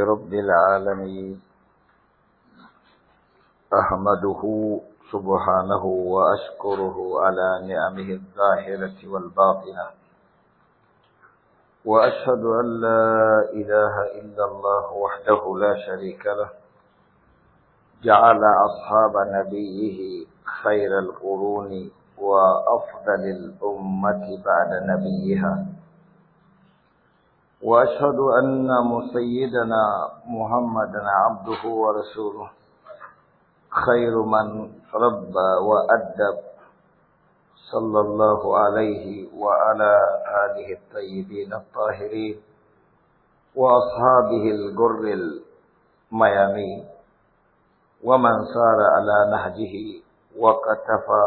رب العالمين أحمده سبحانه وأشكره على نعمه الظاهرة والباطنة وأشهد أن لا إله إلا الله وحده لا شريك له جعل أصحاب نبيه خير القرون وأفضل الأمة بعد نبيها وأشهد أن مسيدنا محمدا عبده ورسوله خير من ربى وأدب صلى الله عليه وعلى آله الطيبين الطاهرين وأصحابه الجر الميامين ومن سار على نهجه وقتفى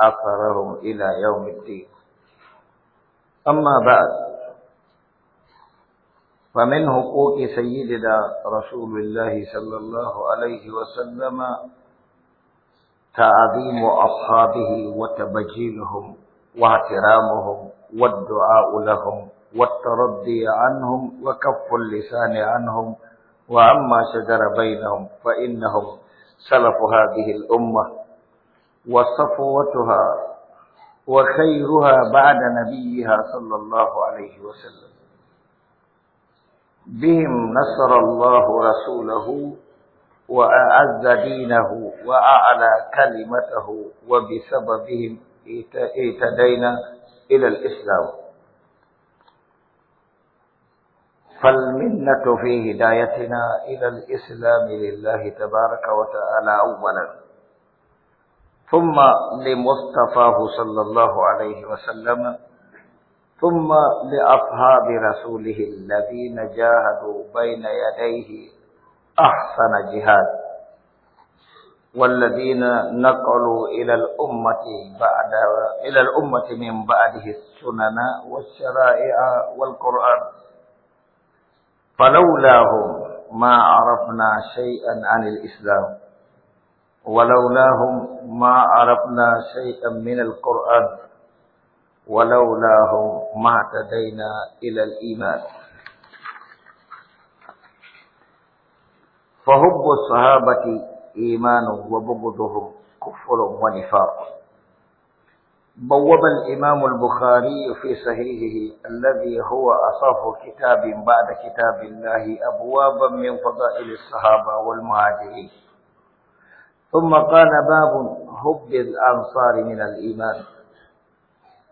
أثرهم إلى يوم الدين أما بعد فمن حقوق سيدنا رسول الله صلى الله عليه وسلم تعظيم أصحابه وتبجيلهم واحترامهم والدعاء لهم والترضي عنهم وكف اللسان عنهم وعما شجر بينهم فإنهم سلف هذه الأمة وصفوتها وخيرها بعد نبيها صلى الله عليه وسلم بهم نصر الله رسوله وأعز دينه وأعلى كلمته وبسببهم اهتدينا إلى الإسلام فالمنة في هدايتنا إلى الإسلام لله تبارك وتعالى أولا ثم لمصطفاه صلى الله عليه وسلم ثم لأصحاب رسوله الذين جاهدوا بين يديه أحسن جهاد والذين نقلوا إلى الأمة بعد إلى الأمة من بعده السنن والشرائع والقرآن فلولاهم ما عرفنا شيئا عن الإسلام ولولاهم ما عرفنا شيئا من القرآن ولولاهم ما اهتدينا إلى الإيمان فحب الصحابة إيمان وبغضهم كفر ونفاق بوب الإمام البخاري في صحيحه الذي هو أصف كتاب بعد كتاب الله أبوابا من فضائل الصحابة والمهاجرين ثم قال باب حب الأنصار من الإيمان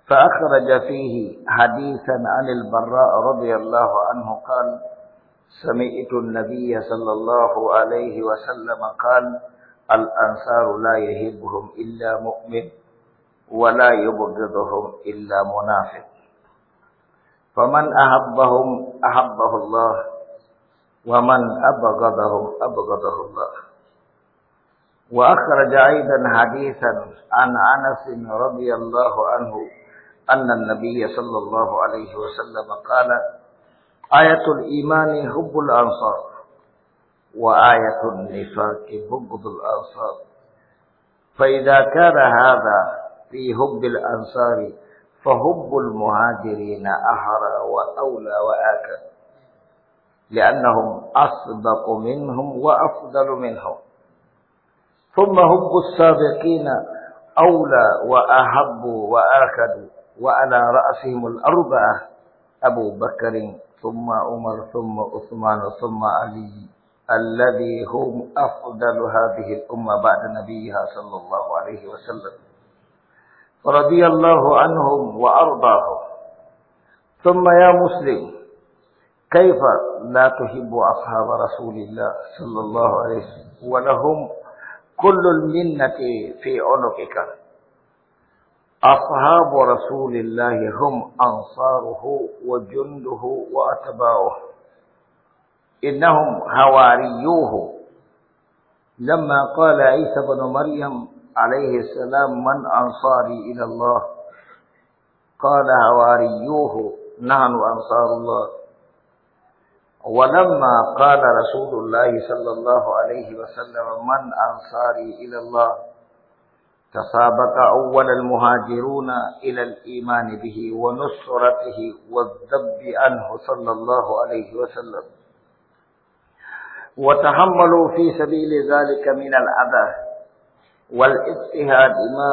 فأخرج فيه حديثا عن البراء رضي الله عنه قال سمعت النبي صلى الله عليه وسلم قال الأنصار لا يهبهم إلا مؤمن ولا يبغضهم إلا منافق فمن أحبهم أحبه الله ومن أبغضهم أبغضه الله وأخرج أيضا حديثا عن أنس رضي الله عنه أن النبي صلى الله عليه وسلم قال آية الإيمان حب الأنصار وآية النفاق بغض الأنصار فإذا كان هذا في حب الأنصار فحب المهاجرين أحرى وأولى وآكد لأنهم أصدق منهم وأفضل منهم ثم حب السابقين أولى وأحب وآكد وعلى رأسهم الأربعة أبو بكر ثم عمر ثم عثمان ثم علي الذي هم أفضل هذه الأمة بعد نبيها صلى الله عليه وسلم رضي الله عنهم وأرضاهم ثم يا مسلم كيف لا تحب أصحاب رسول الله صلى الله عليه وسلم ولهم كل المنة في عنقك أصحاب رسول الله هم أنصاره وجنده وأتباعه إنهم هواريوه لما قال عيسى بن مريم عليه السلام من أنصاري إلى الله قال هواريوه نحن أنصار الله ولما قال رسول الله صلى الله عليه وسلم من أنصاري إلى الله تسابق أول المهاجرون إلى الإيمان به ونصرته والذب عنه صلى الله عليه وسلم وتحملوا في سبيل ذلك من الأذى والاجتهاد ما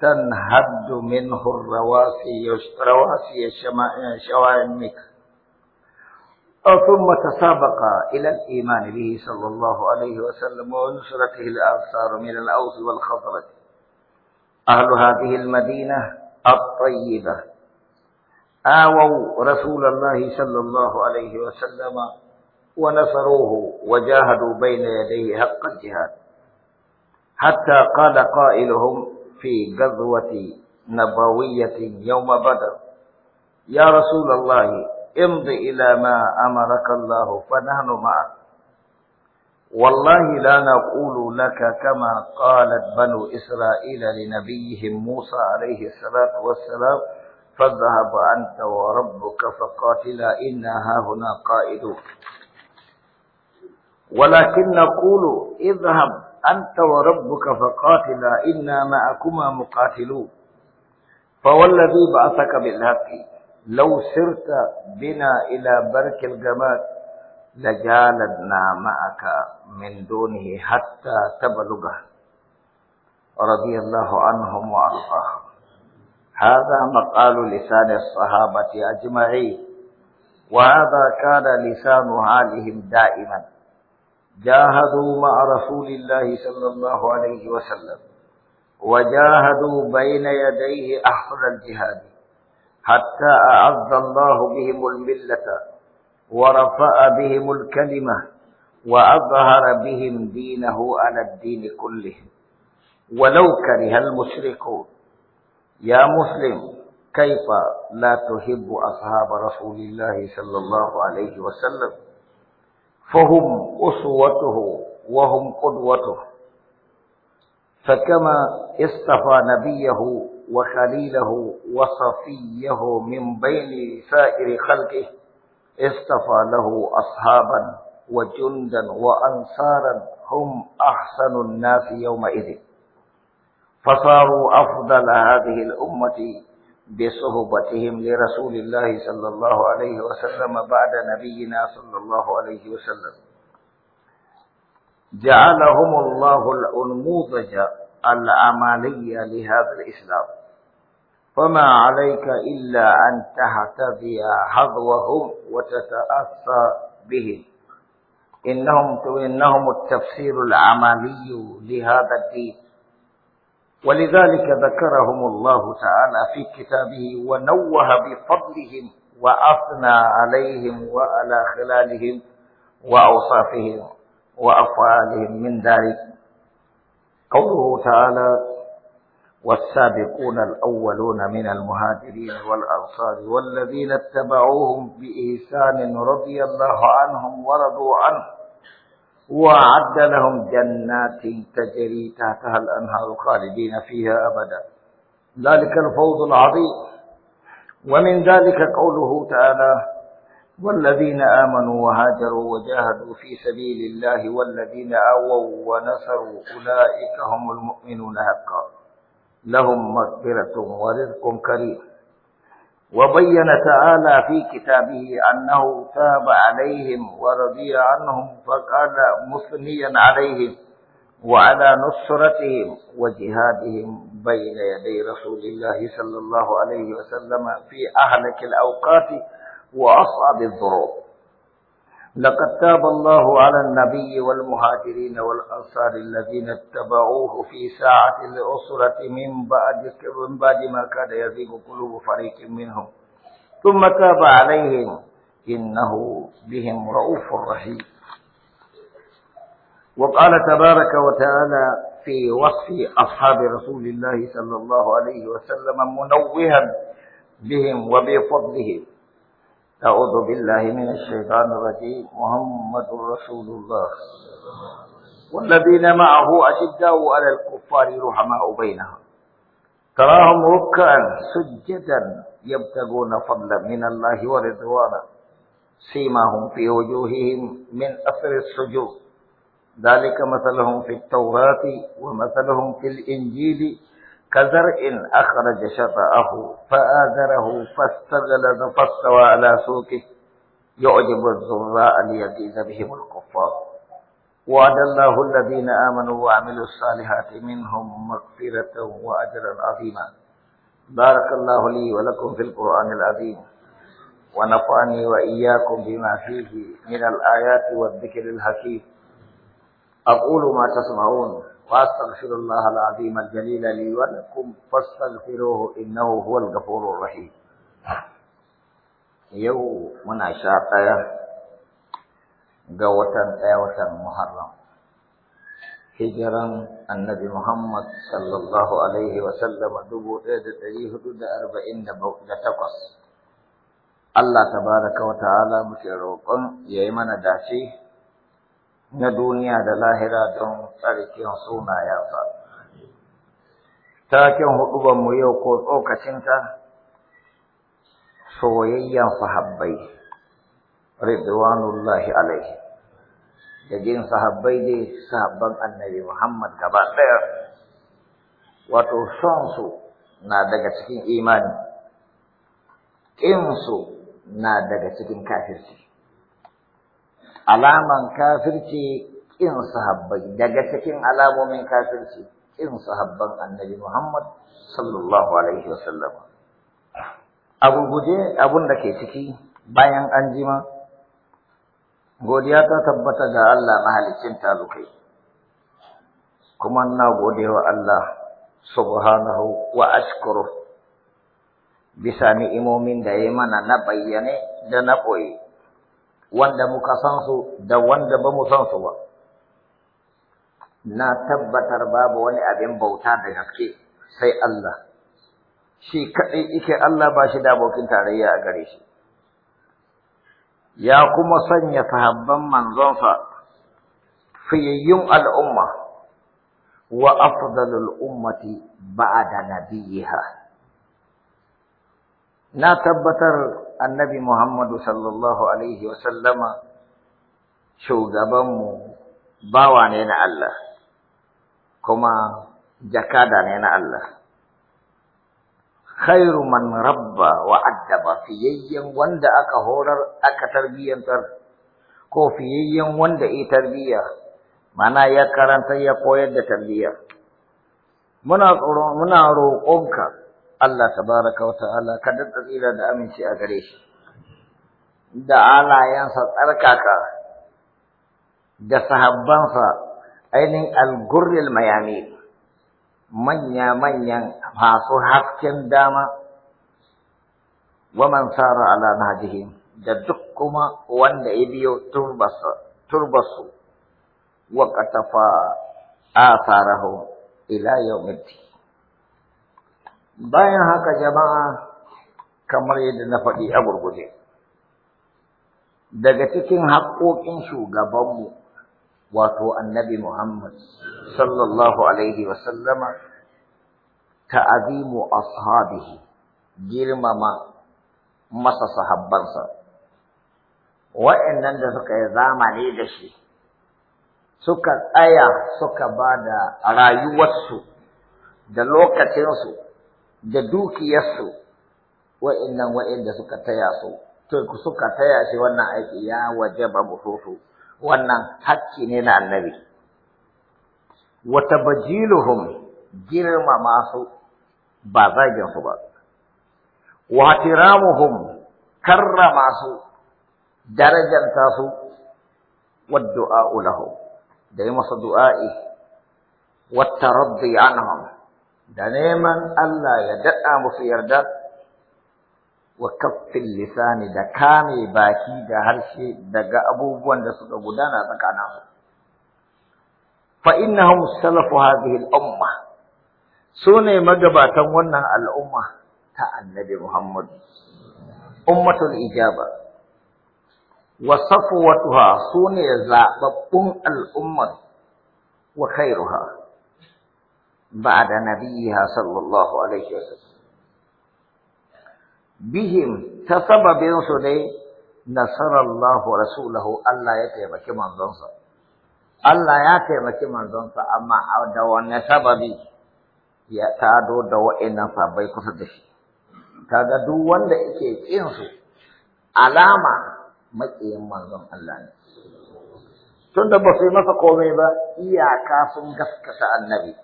تنهد منه الرواسي رواسي الشوائمك ثم تسابق إلى الإيمان به صلى الله عليه وسلم ونصرته الآثار من الأوس والخضرة أهل هذه المدينة الطيبة آووا رسول الله صلى الله عليه وسلم ونصروه وجاهدوا بين يديه حق الجهاد حتى قال قائلهم في غزوة نبوية يوم بدر يا رسول الله امض إلى ما أمرك الله فنحن معك والله لا نقول لك كما قالت بنو إسرائيل لنبيهم موسى عليه الصلاة والسلام فاذهب أنت وربك فقاتلا إنا هاهنا قائدون ولكن نقول اذهب أنت وربك فقاتلا إنا معكما مقاتلون فوالذي بعثك بالحق لو سرت بنا إلى برك الجماد لجالدنا معك من دونه حتى تبلغه رضي الله عنهم وأرضاهم هذا مقال لسان الصحابة أجمعين وهذا كان لسان حالهم دائما جاهدوا مع رسول الله صلى الله عليه وسلم وجاهدوا بين يديه أحسن الجهاد حتى أعز الله بهم الملة ورفع بهم الكلمة وأظهر بهم دينه على الدين كله ولو كره المشركون يا مسلم كيف لا تحب أصحاب رسول الله صلى الله عليه وسلم فهم أسوته وهم قدوته فكما اصطفى نبيه وخليله وصفيه من بين سائر خلقه اصطفى له أصحابا وجندا وأنصارا هم أحسن الناس يومئذ فصاروا أفضل هذه الأمة بصحبتهم لرسول الله صلى الله عليه وسلم بعد نبينا صلى الله عليه وسلم جعلهم الله الأنموذج العملي لهذا الإسلام فما عليك إلا أن تهتدي حظوهم وتتأثى به إنهم إنهم التفسير العملي لهذا الدين ولذلك ذكرهم الله تعالى في كتابه ونوه بفضلهم وأثنى عليهم وعلى خلالهم وأوصافهم وأفعالهم من ذلك قوله تعالى والسابقون الأولون من المهاجرين والأنصار والذين اتبعوهم بإحسان رضي الله عنهم ورضوا عنه وأعد لهم جنات تجري تحتها الأنهار خالدين فيها أبدا ذلك الفوز العظيم ومن ذلك قوله تعالى والذين آمنوا وهاجروا وجاهدوا في سبيل الله والذين آووا ونصروا أولئك هم المؤمنون حقا لهم مغفرة ورزق كريم وبين تعالى في كتابه أنه تاب عليهم ورضي عنهم فقال مثنيا عليهم وعلى نصرتهم وجهادهم بين يدي رسول الله صلى الله عليه وسلم في أهلك الأوقات وأصعب الظروف لقد تاب الله على النبي والمهاجرين والأنصار الذين اتبعوه في ساعة الأسرة من بعد من بعد ما كاد يزيغ قلوب فريق منهم ثم تاب عليهم إنه بهم رؤوف رحيم وقال تبارك وتعالى في وصف أصحاب رسول الله صلى الله عليه وسلم منوها بهم وبفضلهم أعوذ بالله من الشيطان الرجيم محمد رسول الله والذين معه أشداء على الكفار رحماء بينهم تراهم ركعا سجدا يبتغون فضلا من الله ورضوانا سيماهم في وجوههم من أثر السجود ذلك مثلهم في التوراة ومثلهم في الإنجيل كزرع أخرج شطأه فآذره فاستغل فاستوى على سوقه يعجب الزراء ليزيد بهم الكفار وعد الله الذين آمنوا وعملوا الصالحات منهم مغفرة وأجرا عظيما بارك الله لي ولكم في القرآن العظيم ونفعني وإياكم بما فيه من الآيات والذكر الحكيم أقول ما تسمعون واستغفر الله العظيم الجليل لي ولكم فاستغفروه انه هو الغفور الرحيم يو منا شاقيا غوتن ايوتن محرم هجرا النبي محمد صلى الله عليه وسلم دبو ايد تجيه دود اربعين دبو الله تبارك وتعالى مشروق يا من داشي na duniya da lahira don tsarkin sunayensa. Taken huɗubanmu yau ko tsokacinta soyayyan sahabbai, Ridwanullahi alai, da jin sahabbai dai sahabban annabi Muhammad gaba ɗaya, wato sonsu na daga cikin imani, ƙinsu na daga cikin kafirci. alaman kafirci ƙin sahabbai daga cikin alamomin kafirci ƙin sahabban annabi Muhammad sallallahu alaihi wasallam abu guje abun da ke ciki bayan an jima godiya ta tabbata ga Allah mahaliccin talukai kuma na gode wa Allah subhanahu wa ashkuru bisa ni'imomin da ya mana na bayyane da na ɓoye wanda muka san su da wanda ba mu san su ba na tabbatar babu wani abin bauta da gaske sai Allah shi kadai yake Allah ba shi da bokin tarayya a gare shi ya kuma sanya sahabban manzonsa fiyayyun al'umma wa afdalul ummati ba'da nabiyha na tabbatar annabi Muhammadu sallallahu Alaihi wasallama shugabanmu bawa ne na Allah, kuma jakada ne na Allah. Khairu man rabba wa addaba fiyayyen wanda aka horar aka tarbiyyantar ko fiyayyen wanda ya tarbiyya mana ya karanta ya koyar da tarbiyya. Muna roƙonka. Allah tabaraka wa ta'ala ka dadda tsira da aminci a gare shi da alayensa tsarkaka da sahabbansa ainihin algurril mayami manya-manyan masu hasken dama wa man sara ala nahjihim da duk kuma wanda ya biyo turbasu wa katafa asarahu ila yawmiddin bayan haka jama'a kamar yadda na faɗi a daga cikin haƙoƙin shugabanmu wato annabi Muhammad sallallahu alaihi wasallama ta'azimu ashabihi girmama masa sahabbansa wa'annan da suka yi zamani da shi suka tsaya suka ba da rayuwarsu da lokacinsu da dukiyarsu wa'annan wa'anda suka taya su to suka taya shi wannan aiki ya ba mutusu wannan hakki ne na annabi wa tabajiluhum girmama masu ba zagin su ba wa tiramuhum karrama su darajanta su wa du'a lahum da yi masa du'a'i wa taraddi anhum da neman Allah ya daɗa musu yarda wa kaffin lisani da kame baki da harshe daga abubuwan da suka gudana tsakaninsu. Fa innahum salafu hadhihi al-umma sune magabatan wannan al'umma ta Annabi Muhammad ummatul ijaba wa safwatuha sune zababbun al'ummar wa khairuha بعد نبيها صلى الله عليه وسلم بهم تسبب سدي نصر الله رسوله الله يتيمك من ظنصر الله يتيمك من ظنصر أما أدوى نسببي ya tado da wa'annan sabai kusa da shi kaga duk wanda yake kin su alama matsayin manzon Allah ne tunda ba su yi masa komai ba iyaka sun gaskata annabi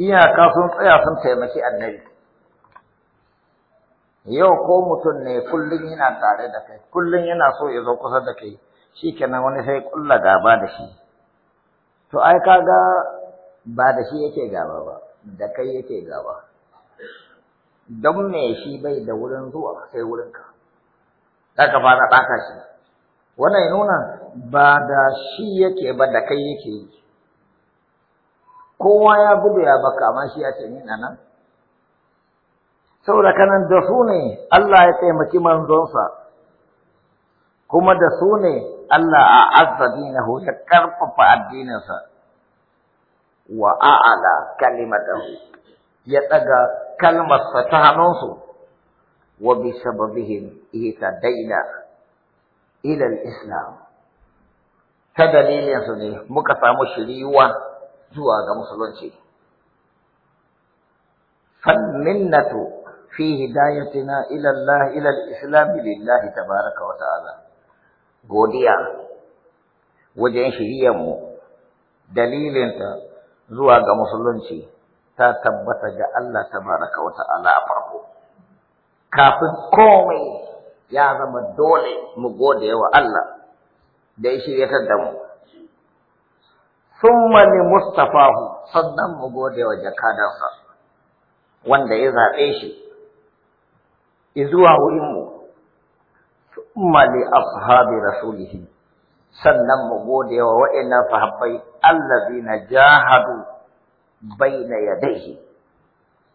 iyaka sun tsaya sun taimaki annabi yau ko mutum ne kullum yana tare da kai kullum yana so ya zo kusa da kai shi kenan wani sai kulla gaba da shi to ai kaga ba da shi yake gaba ba da kai yake gaba don me shi bai da wurin zuwa sai ka. za ka fara daka shi wannan nuna ba da shi yake ba da kai yake yi kowa ya gudu ya baka amma shi ya ce ni na nan saboda kanan da su ne Allah ya taimaki manzonsa kuma da su ne Allah a azza dinahu ya karfafa addininsa wa a'ala kalimatahu ya daga kalmarsa ta hannunsu wa bi sababihim ihtadaina ila islam ta dalilinsu ne muka samu shiriwa zuwa ga musulunci fal fi hidayatina ila ilal islami al-islam lillahi tabaraka wa ta'ala godiya wajen shiriyar mu dalilinta zuwa ga musulunci ta tabbata ga Allah tabaraka wa ta'ala a farko kafin komai ya zama dole mu gode wa Allah da ya shiryatar da mu Tun li mustafahu sannan mu gode wa wanda ya zaɓe shi izuwa wurinmu summa li ashabi rasulihi sannan mu gode wa wa'annan sahabbai allazina jahadu baina yadayhi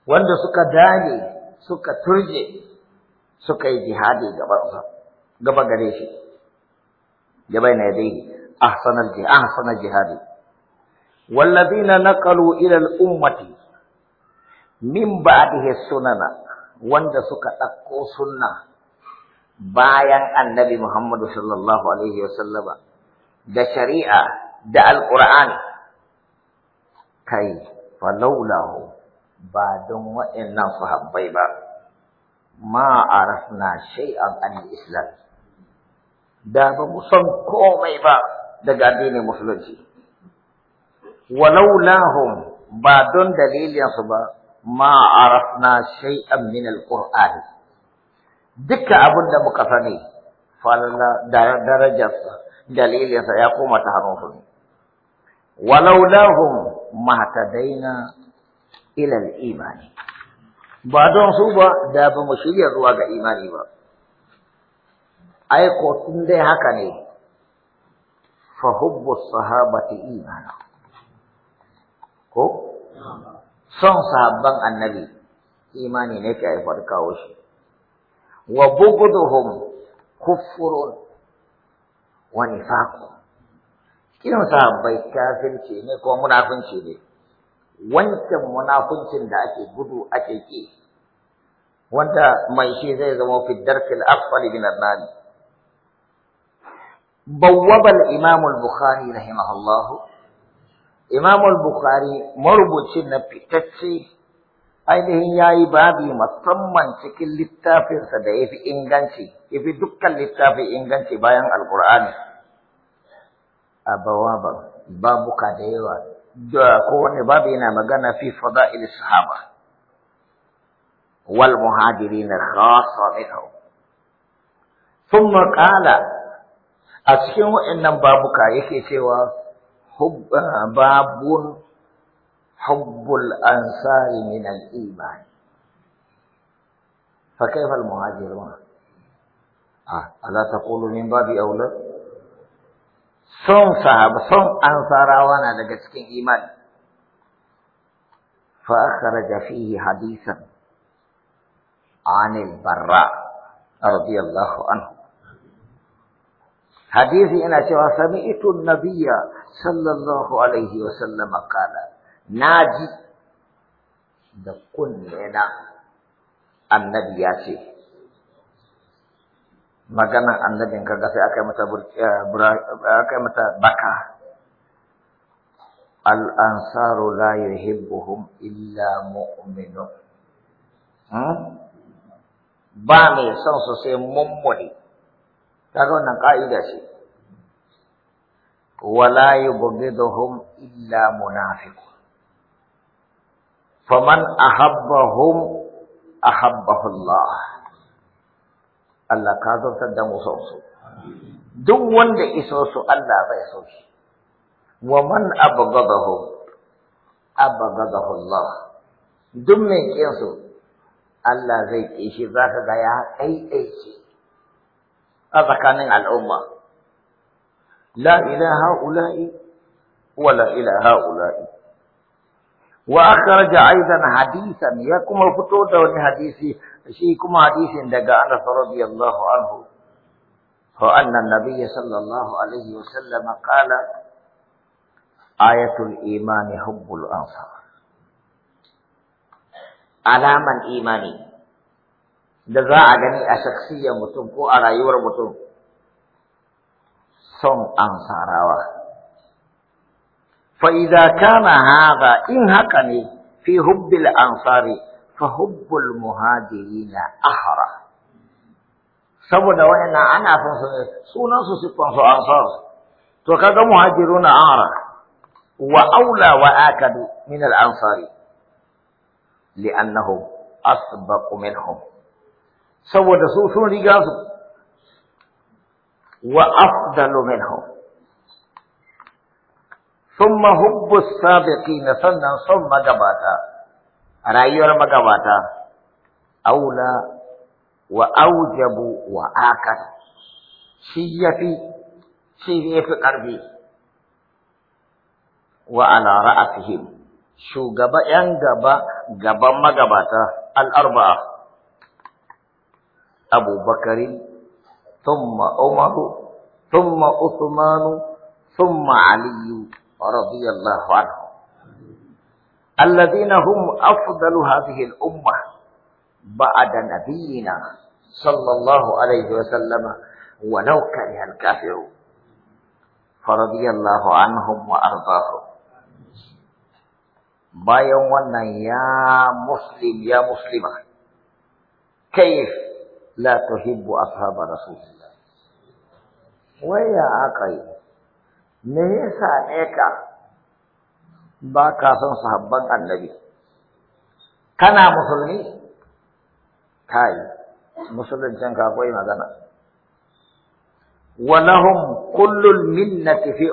wanda suka dage suka turje suka yi jihadi gaba gare shi gaba na yadayhi ahsanal jihadi والذين نقلوا إلى الأمة من بعده السنن suka سكتكو سنة bayan annabi Muhammadu sallallahu alaihi wasallama da shari'a da alƙur'an kai falaulahu ba don waɗannan sahabbai ba ma arafna shay'an an islam da ba mu san komai ba daga addinin musulunci walaulahum ba don dalilinsu ba ma arafna shay'an min alqur'ani duka abin da muka sani falala darajarsa dalilinsa ya koma ta hannunsu ne walaulahum mahtadaina ila al-imani ba don su ba da ba mu shirya zuwa ga imani ba ai ko tun dai haka ne fa hubbu sahabati imana ko son sahabban annabi imani ne ke haifar kawo shi wa bughduhum kufurun wa nifaq kin sahabbai kafirci ne ko munafinci ne wancan munafincin da ake gudu ake ki wanda mai shi zai zama fi darkil asfali min annabi nar الإمام البخاري رحمه الله Imam al-Bukhari marubucin na fitacce ainihin ya yi babi musamman cikin littafinsa da ya fi inganci, ya fi dukkan littafin inganci bayan Alƙur'ani. A bawaban babuka da yawa, da kowane babu yana magana fi fada'il sahaba. Wal muhajiri na khasa minhu. Thumma qala a cikin waɗannan babuka yake cewa حب آه، باب حب الأنصار من الإيمان فكيف المهاجرون؟ آه. ألا تقول من باب أولى؟ صن صاحب صن أنصار وانا لجسكين إيمان فأخرج فيه حديثا عن البراء رضي الله عنه hadisi yana cewa sami'tu nabiyya sallallahu alaihi wa sallam na naji da kunne da annabi ya ce magana annabin kaga sai aka mata eh, aka mata baka al ansaru la yuhibbuhum illa mu'minun hmm? ba mai son su sai mummuni kaga wannan ka'ida ce wala yubghiduhum illa munafiq faman ahabbahum ahabbahu Allah Allah ka zartar da mu su duk wanda iso su Allah bai so shi wa man abghadahum abghadahu Allah duk mai kiyansu Allah zai kishi zaka ga ya aiki a tsakanin al'umma la ila ha'ula'i wa la ila ha'ula'i wa akhraja aidan hadisan ya kuma fito da wani hadisi shi kuma hadisin daga Anas radiyallahu anhu fa anna an-nabiy sallallahu alaihi wa sallam qala ayatul imani hubbul ansar alaman imani da za a gani a shaksiyar mutum ko a rayuwar mutum son ansarawa fa idza kana hadha in haka ne fi hubbil ansari fa hubbul muhajirina ahra saboda wa'annan ana son su sunan su siffan su ansar to kaga muhajiruna ahra wa aula wa akadu min al ansari annahu asbaqu minhum سو دسو سو دی گاس و افضل منهم ثم هُبُّ السابقين سنن ثم جباتا رايو رما جباتا اولا واوجب واكر سيتي سيدي في قلبي وعلى رأسهم شو غبا ين غبا غبا ما غباتا الاربعه أبو بكر ثم عمر ثم عثمان ثم علي رضي الله عنه الذين هم أفضل هذه الأمة بعد نبينا صلى الله عليه وسلم ولو كره الكافرون فرضي الله عنهم وأرضاهم بايا ونن يا مسلم يا مسلمة كيف la tuhibbu ashab rasulillah wai ya akai me yasa ne ka ba ka son sahabban annabi kana musulmi kai musuluncin ka koyi magana wa lahum kullul minnati fi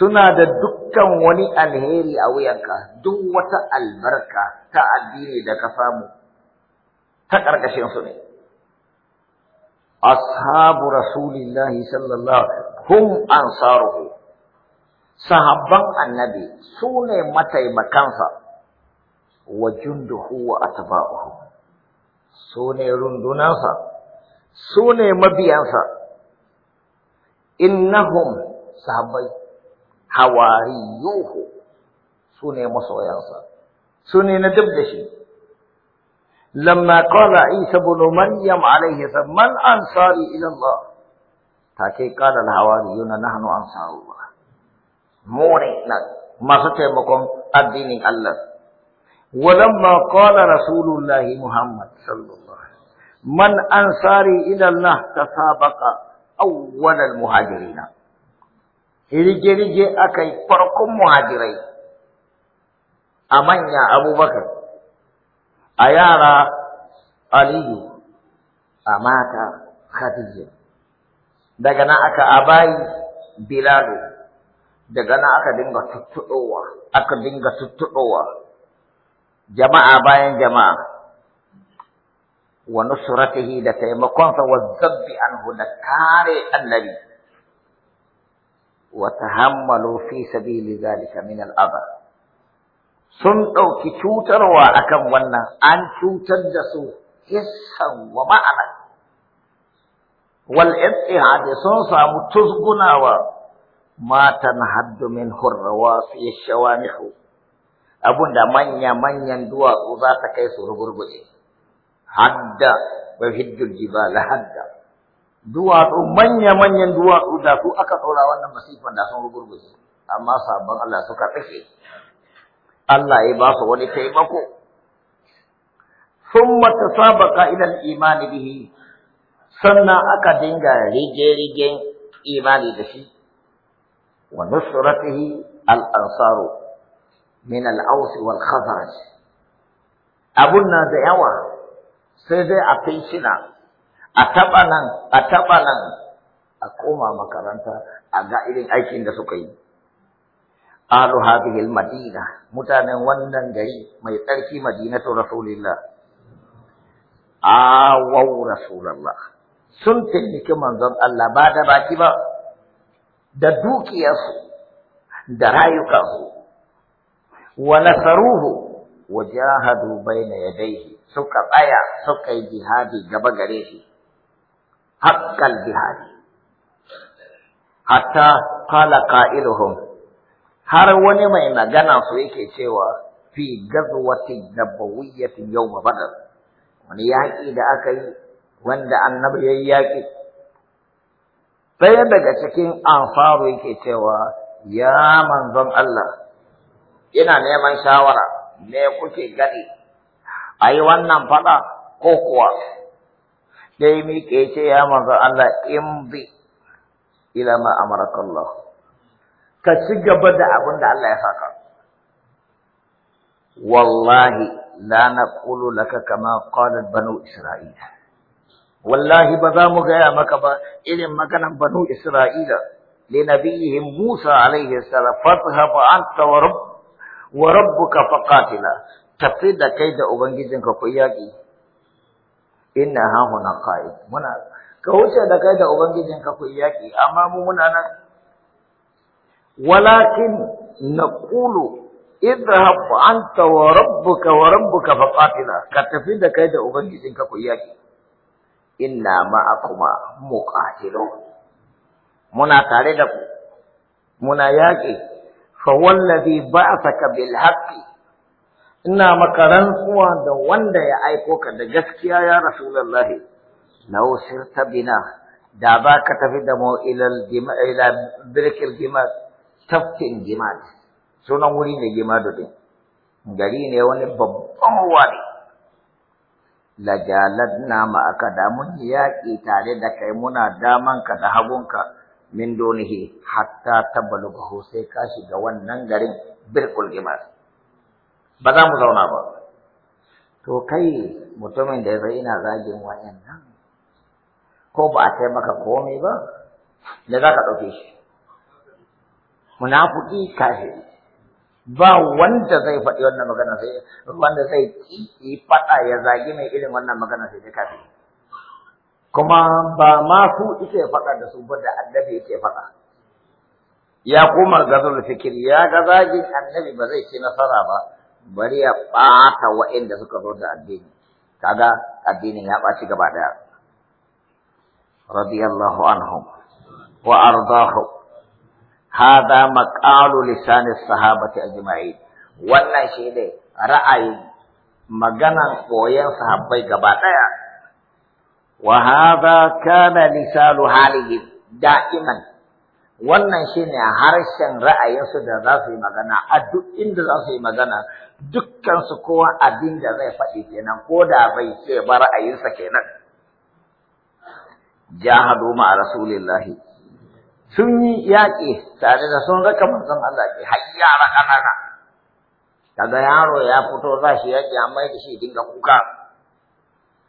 suna da dukkan wani alheri a wuyanka, duk wata albarka ta addini da ka samu, ta ƙarƙashin su ne ashabu rasulillahi sallallahu hum ansaruhu sahabban annabi su ne mataimakansa wa junduhu wa atba'uhu su ne rundunansa su ne mabiyansa innahum sahabbai hawariyuhu su ne masoyansa su ne na duk da shi لما قال عيسى بن مريم عليه السلام من أنصاري إلى الله تاكي قال الحواريون نحن أنصار الله مورئنا ما ستمكم الدين الله ولما قال رسول الله محمد صلى الله عليه وسلم من أنصاري إلى الله تسابق أول المهاجرين rige rige aka yi farkon muhajirai a manya abubakar a yara aliyu a mata khadija daga nan aka abayi bilalu daga na aka dinga tuttuɗowa aka dinga tuttuɗowa jama'a bayan jama'a wa nusratihi da taimakonsa wa zabbi anhu da kare annabi wa tahammalu fi sabili zalika min al'adha sun ɗauki cutarwa akan wannan an cutar da su hissan wa ma'ana wal ittihadi sun samu tusgunawa matan haddu min hurrawa fi Abin abunda manya manyan duwatsu za ta kai su rugurguje hadda wa hiddul jibala hadda duwatsu manya manyan duwatsu da su aka tsora wannan masifan da sun rugurguje amma sabon Allah suka tsike Allah ya ba su wani taimako Sun tasabaqa ila al-iman bihi sannan aka dinga rige-rigen imani da shi wa nusratihi al'ansaru, min al wal abun na da yawa sai dai a fincina a taɓa nan a taɓa nan a koma makaranta a ga irin aikin da suka yi ahlu hadhihi al-madina mutanen wannan gari mai tsarki madinatu rasulillah awaw rasulullah sun taimaki manzon Allah ba da baki ba da dukiyarsu da rayukansu wa nasaruhu wa jahadu baina yadayhi suka tsaya suka yi jihadi gaba gare shi haqqal jihadi hatta qala qailuhum har wani mai magana su yake cewa fi gazwatin nabawiyyatin yawm badr wani yaƙi da aka yi wanda annabi yayi yaƙi sai daga cikin ansaru yake cewa ya manzon Allah ina neman shawara me kuke gani ayi wannan faɗa ko kuwa dai mike ce ya manzon Allah imdi ila ma amaraka ka ci gaba da abin da Allah ya saka wallahi la naqulu laka kama qalat banu isra'ila wallahi ba za mu gaya maka ba irin maganan banu isra'ila لنبيهم موسى عليه السلام فاذهب أنت ورب وربك فقاتلا تفيد كيد أبنجيزنك قياكي إن ها هنا قائد منا كوشة كيد amma mu muna nan. ولكن نقول اذهب أنت وربك وربك فقاتلا كتفيد كيد أبنجزنك قياك إنا معكما مقاتلون منا تاردك منا ياكي فهو الذي بعثك بالحق إنا maka rantsuwa da wanda ya aiko ka da gaskiya ya rasulullahi law sirta bina da ba ka tafi إلى mu الجماد tafkin Gimad. Sunan wuri ne Gimadu din. Gari ne wani babban ruwa ne. Lajaladna da mun yaƙi tare da kai muna ka da hagunka min donihi hatta ta sai ka shiga wannan garin birkul Gimad. Ba za mu zauna ba. To kai mutumin da ya ina zagin wayannan ko ba a kai maka komai ba, da za ka ɗauke shi. munafiki kafiri ba wanda zai faɗi wannan magana sai wanda zai ki faɗa ya zagi mai irin wannan magana sai dai kafiri kuma ba ma su ike faɗa da su ba da annabi yake faɗa ya koma gazul fikir ya ga zagin annabi ba zai ci nasara ba bari ya ɓata wa'inda suka zo da addini kaga addinin ya ɓaci gaba ɗaya radiyallahu anhum wa ardahum هذا مقال لسان الصحابة أجمعين wannan shi ne ra'ayi maganan koyon sahabbai gaba ɗaya wa hadha kana lisalu halihim da'iman wannan shine harshen ra'ayinsu da za su yi magana a duk inda za su yi magana dukkansu kowa abin da zai faɗi kenan ko da bai ce ba ra'ayinsa kenan jahadu ma rasulillahi sun yi yaƙi tare da sun raka mazan Allah ke hayya yara ƙanana kaga yaro ya fito za shi yaƙi mai da shi dinga kuka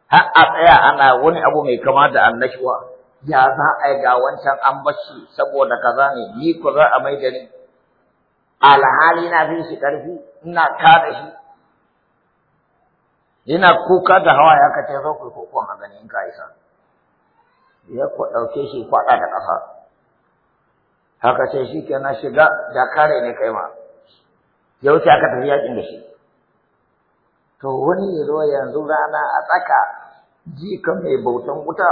har a tsaya ana wani abu mai kama da annashuwa ya za a yi ga wancan an bashi saboda kaza ne ni ku za a da ni alhali na fi shi ƙarfi ina kada shi Ina kuka da hawa ya kace zo ku kokon a ganin ka isa ya ku ɗauke shi kwaɗa da ƙasa haka sai shi ke na shiga da kare ne kai ma ya wuce aka tafi yakin da shi to wani ya zo yanzu rana a tsaka jika mai bautan wuta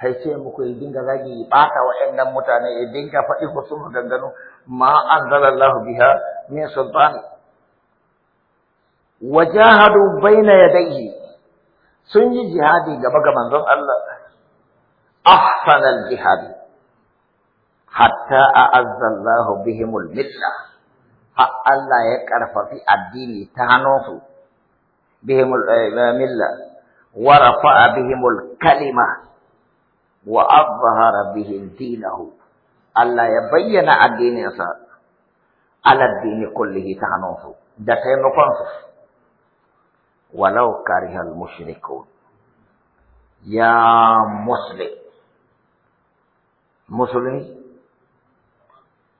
sai ce muku ya dinga zagi ya bata nan mutane ya dinga faɗi wasu maganganu ma anzalallahu biha min sultan wajahadu baina yadayhi sun yi jihadi gaba ga manzon Allah ahsanal jihadi hatta a'azza Allahu bihimul milla har Allah ya karfafi addini ta hannunsu bihimul milla wa rafa'a bihimul kalima wa azhara bihim dinahu Allah ya bayyana addininsa ala addini kullihi ta hannunsu da taimakonsu ولو كره المشركون يا مسلم مسلمي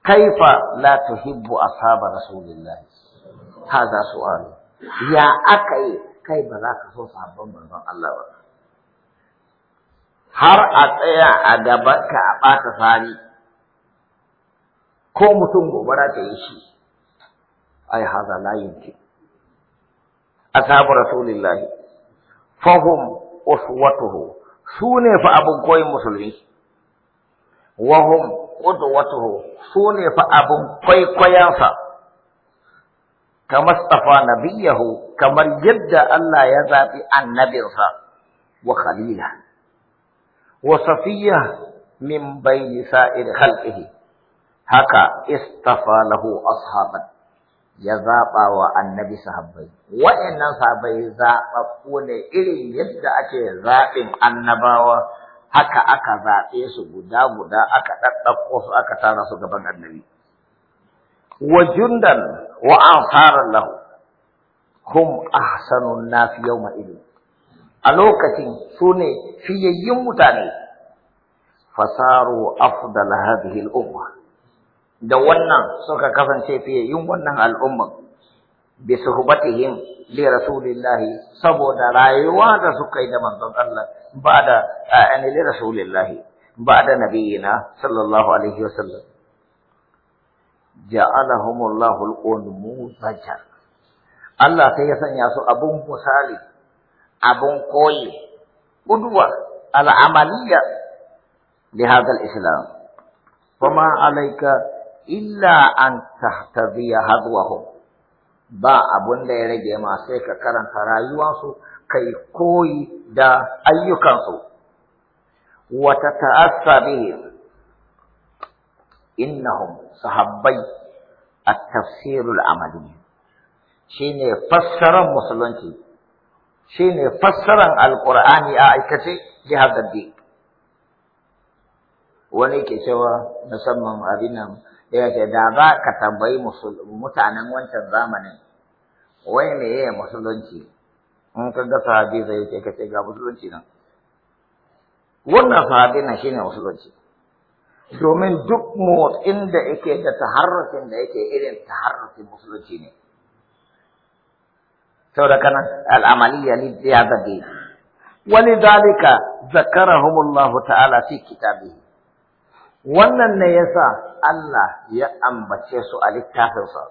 kaifa لا تحب أصحاب رسول الله هذا ya يا kai ba za ka so sabon الله Allah ba har a tsaya a gaban a ɓata sani ko mutum gobara ta yi shi ai hada la yumkin ashabu rasulillahi fahum uswatuhu sune fa abin koyin musulmi wahum قدوته سوني فأب كوي كوي ينسى كما اصطفى نبيه كما يبدا الله يزابي عن نبيه وخليله وصفيه من بين سائر خلقه هكا اصطفى له اصحابا يزابا وعن نبي صحابي وان صحابي زابا سوني الي يبدا اشي زابي عن نباوه haka aka zaɓe su guda guda aka ɗaɗɗauko su aka tara su gaban annabi wa jundan wa ansaran lahu hum ahsanun yawma idin a lokacin su ne fiyayyun mutane fasaru afdal hadhihi al-umma da wannan suka kasance fiyayyun wannan al'umman بصحبتهم لرسول الله سبود رايوا رسوكي دمان الله بعد أن آه، يعني لرسول الله بعد نبينا صلى الله عليه وسلم جعلهم الله الأنموذج الله تيسا ياسو أبو مسالي أبو كوي قدوة العملية لهذا الإسلام فما عليك إلا أن تهتدي هدوهم ba abun da ya rage ma sai ka karanta rayuwarsu kai koyi da ayyukansu wata ta'assa bihim innahum sahabbai at-tafsirul amali shine fassarar musulunci shine fassarar alqur'ani a aikace jihar daddi wani ke cewa musamman abin nan ya ce da za ka tambayi mutanen wancan zamanin wai me ya musulunci in ka ga sahabi zai ce ka ce ga musulunci nan wannan sahabi na shine musulunci domin duk motsin da yake da taharrukin da yake irin taharrukin musulunci ne saboda kana al'amaliya ni ya zabe ولذلك ذكرهم الله تعالى في كتابه wannan ne yasa Allah ya ambace su a littafinsa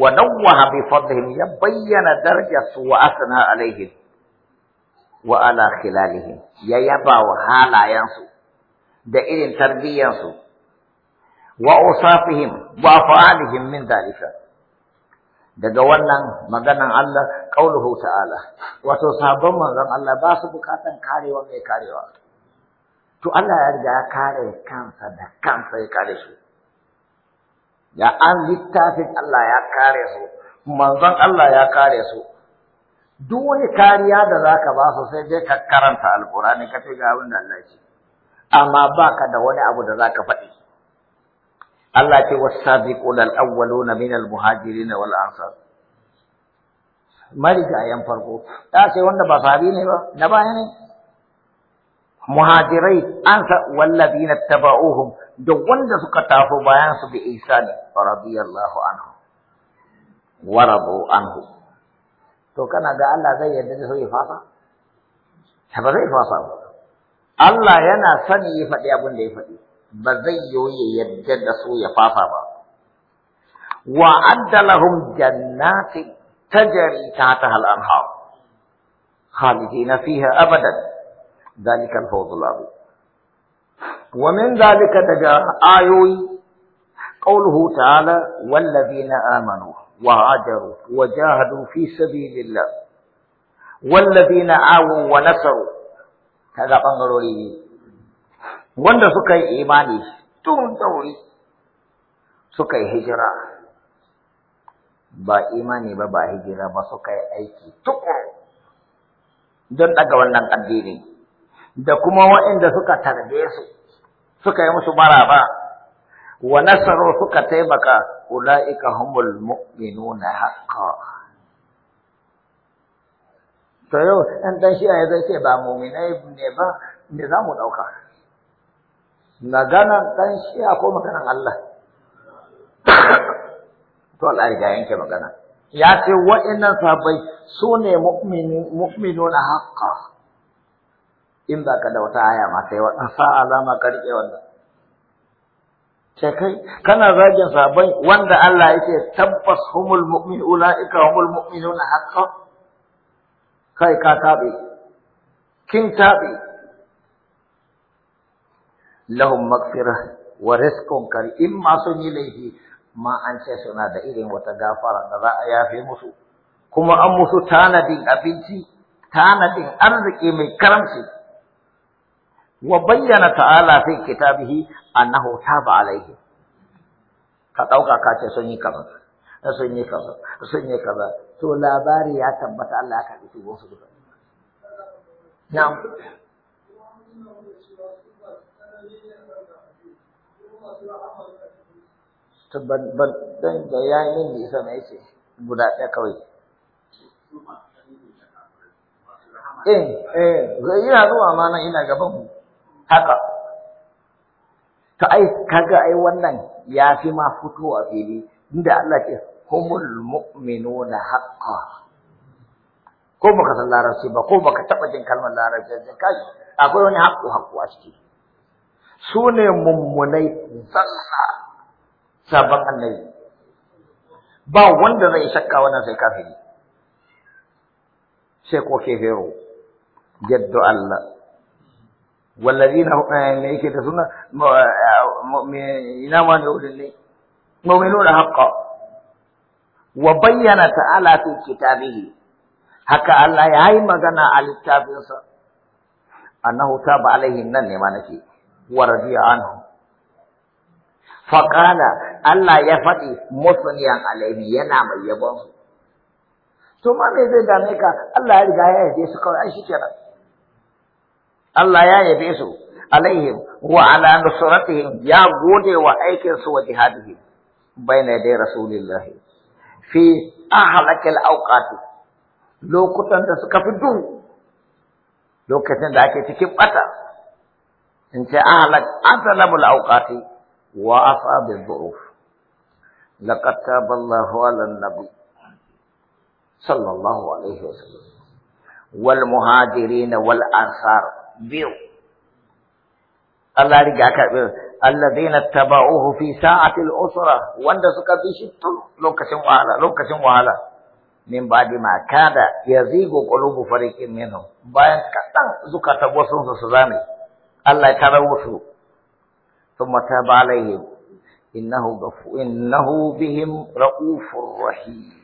wa nawwaha bi fadlihim ya bayyana darajarsu wa asana alaihim wa ala khilalihim ya yaba wa halayensu da irin tarbiyyansu wa usafihim wa afalihim min dalika daga wannan maganan Allah qauluhu ta'ala wato sabon manzon Allah ba su bukatan karewa mai karewa to Allah ya riga ya kare kansa da kansa ya kare su ya an littafin Allah ya kare su manzon Allah ya kare su duk wani kariya da zaka ba su sai dai ka karanta alqur'ani ka ce ga abin da Allah ce amma baka da wani abu da za ka faɗi Allah ce was-sabiquna al-awwaluna min al-muhajirin wal ansar marigayen farko ta ce wanda ba sahabi ne ba na baya ne muhajirai ansa wallazina taba'uhum da wanda suka tafi bayan su bi ihsani radiyallahu anhu waradu anhu to kana ga Allah zai yarda da sai fasa ta ba zai fasa ba Allah yana sani ya faɗi abin da ya faɗi ba zai yoye yarda da su ya fafa ba wa addalahum jannati tajri tahtaha al-anhar khalidina fiha abadan ذلك الفوز العظيم ومن ذلك تجاء آيوي قوله تعالى والذين آمنوا وهاجروا وجاهدوا في سبيل الله والذين آووا ونصروا هذا بنغروري لي suka سكي إيماني تون دوري سكي هجرة با إيماني imani ba ba hijira ba suka yi aiki tukuru don daga da kuma waɗanda suka tarbe su suka yi musu maraba wa nasaru suka taimaka ulaika humul mu'minuna haqqan to yau ɗan ɗan shi ya zai ce ba muminai ne ba me za mu ɗauka maganan ɗan shi ko maganan Allah to Allah ya yanke magana ya ce wa'annan sahabbai su ne mu'minuna haqqan in ba ka da wata aya ma kai wannan sa'a za ma ka riƙe wannan sai kai kana zagin sabai wanda Allah yake tabbas humul mu'min ulaika humul mu'minun haqqan kai ka tabe kin tabe lahum maghfirah wa rizqun karim in ma sun yi laifi ma an ce suna da irin wata gafara da za a yafe musu kuma an musu tanadin abinci tanadin arziki mai karamci wa bayyana ta'ala fi kitabihi annahu taba alaihi ka dauka ka ce sun yi kaza sun yi kaza sun yi kaza to labari ya tabbata Allah ya karbi tubun su duka na'am to ban ban dan da isa mai ce guda ɗaya kawai Eh, eh, ina zuwa ma nan ina gaban haka to ai kaga ai wannan ya fi ma fito a fili inda Allah ke humul mu'minuna haqqa ko baka san larabci ba ko baka taba jin kalmar larabci da kai akwai wani haqqo haqqo a ciki Sune mummunai zalla sabon annabi ba wanda zai shakka wannan sai kafiri sai ko kefero jaddu Allah والذين me yake da suna ina ma ne wurin ne mu'minuna haqqan wa bayyana ta'ala fi kitabihi haka Allah ya yi magana a littafinsa annahu taba alaihi nan ne ma nake wa radiya anhu faqala Allah ya faɗi musniyan alaihi yana mai yabon to ma me zai dame ka Allah ya riga ya yaje su kawai الله يا يبيسو عليهم وعلى نصرتهم يا غودي وأيكنسو جهاده بين يدي رسول الله في أهلك الأوقات لو كنت أنت سكفدو لو كنت داكي تكيب قطع انت أهلك أظلم الأوقات وعفى بالظروف لقد تاب الله على النبي صلى الله عليه وسلم والمهاجرين والأنصار biyu Allah riga karɓi alladhina taba'uhu fi sa'atil usra wanda suka bi shi tun lokacin wahala lokacin wahala min ba'di ma kada yazigu qulubu fariqin minhum bayan kadan zukata wasu su zame Allah ya karawo su thumma taba alaihim innahu gafu innahu bihim raufur rahim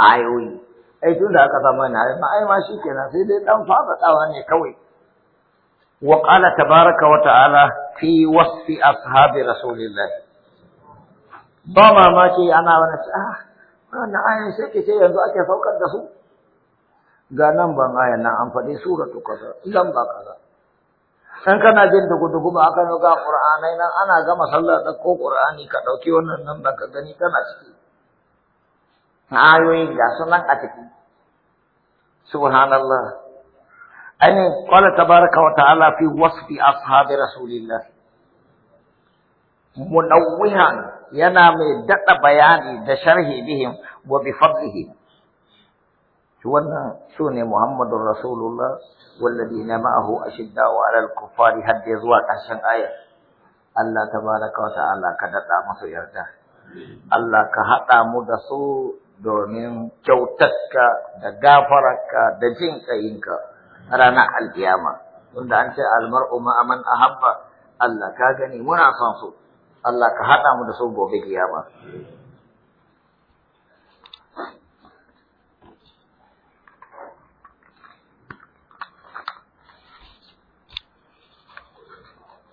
ayoyi ai tun da aka samu na ai ai ma shi kenan sai dai dan fafadawa ne kawai wa qala tabaraka wa ta'ala fi wasfi ashabi rasulillah ba mamaki ana wani ah wannan ayan sai ke ce yanzu ake saukar da su ga nan ban ayan nan an faɗi suratu kaza ba kaza san kana jin da gudu ba aka ga qur'anai nan ana gama sallar da ko qur'ani ka dauki wannan nan ka gani kana ciki ayoyi ga sunan a ciki subhanallah ani qala tabaraka wa ta'ala fi wasfi ashabi rasulillah munawwihan yana mai dada bayani da sharhi bihim wa bi fadlihi wannan sune muhammadur rasulullah walladina ma'ahu ashidda'u 'alal kuffari hadda zuwa ƙarshen ayar Allah tabaraka wa ta'ala ka dada masu yarda Allah ka haɗa mu da su domin kyautarka da gafararka da jin kayinka ranar alkiyama wanda an ce almar'u ma man ahabba Allah ka gani muna son su Allah ka haɗa mu da su gobe kiyama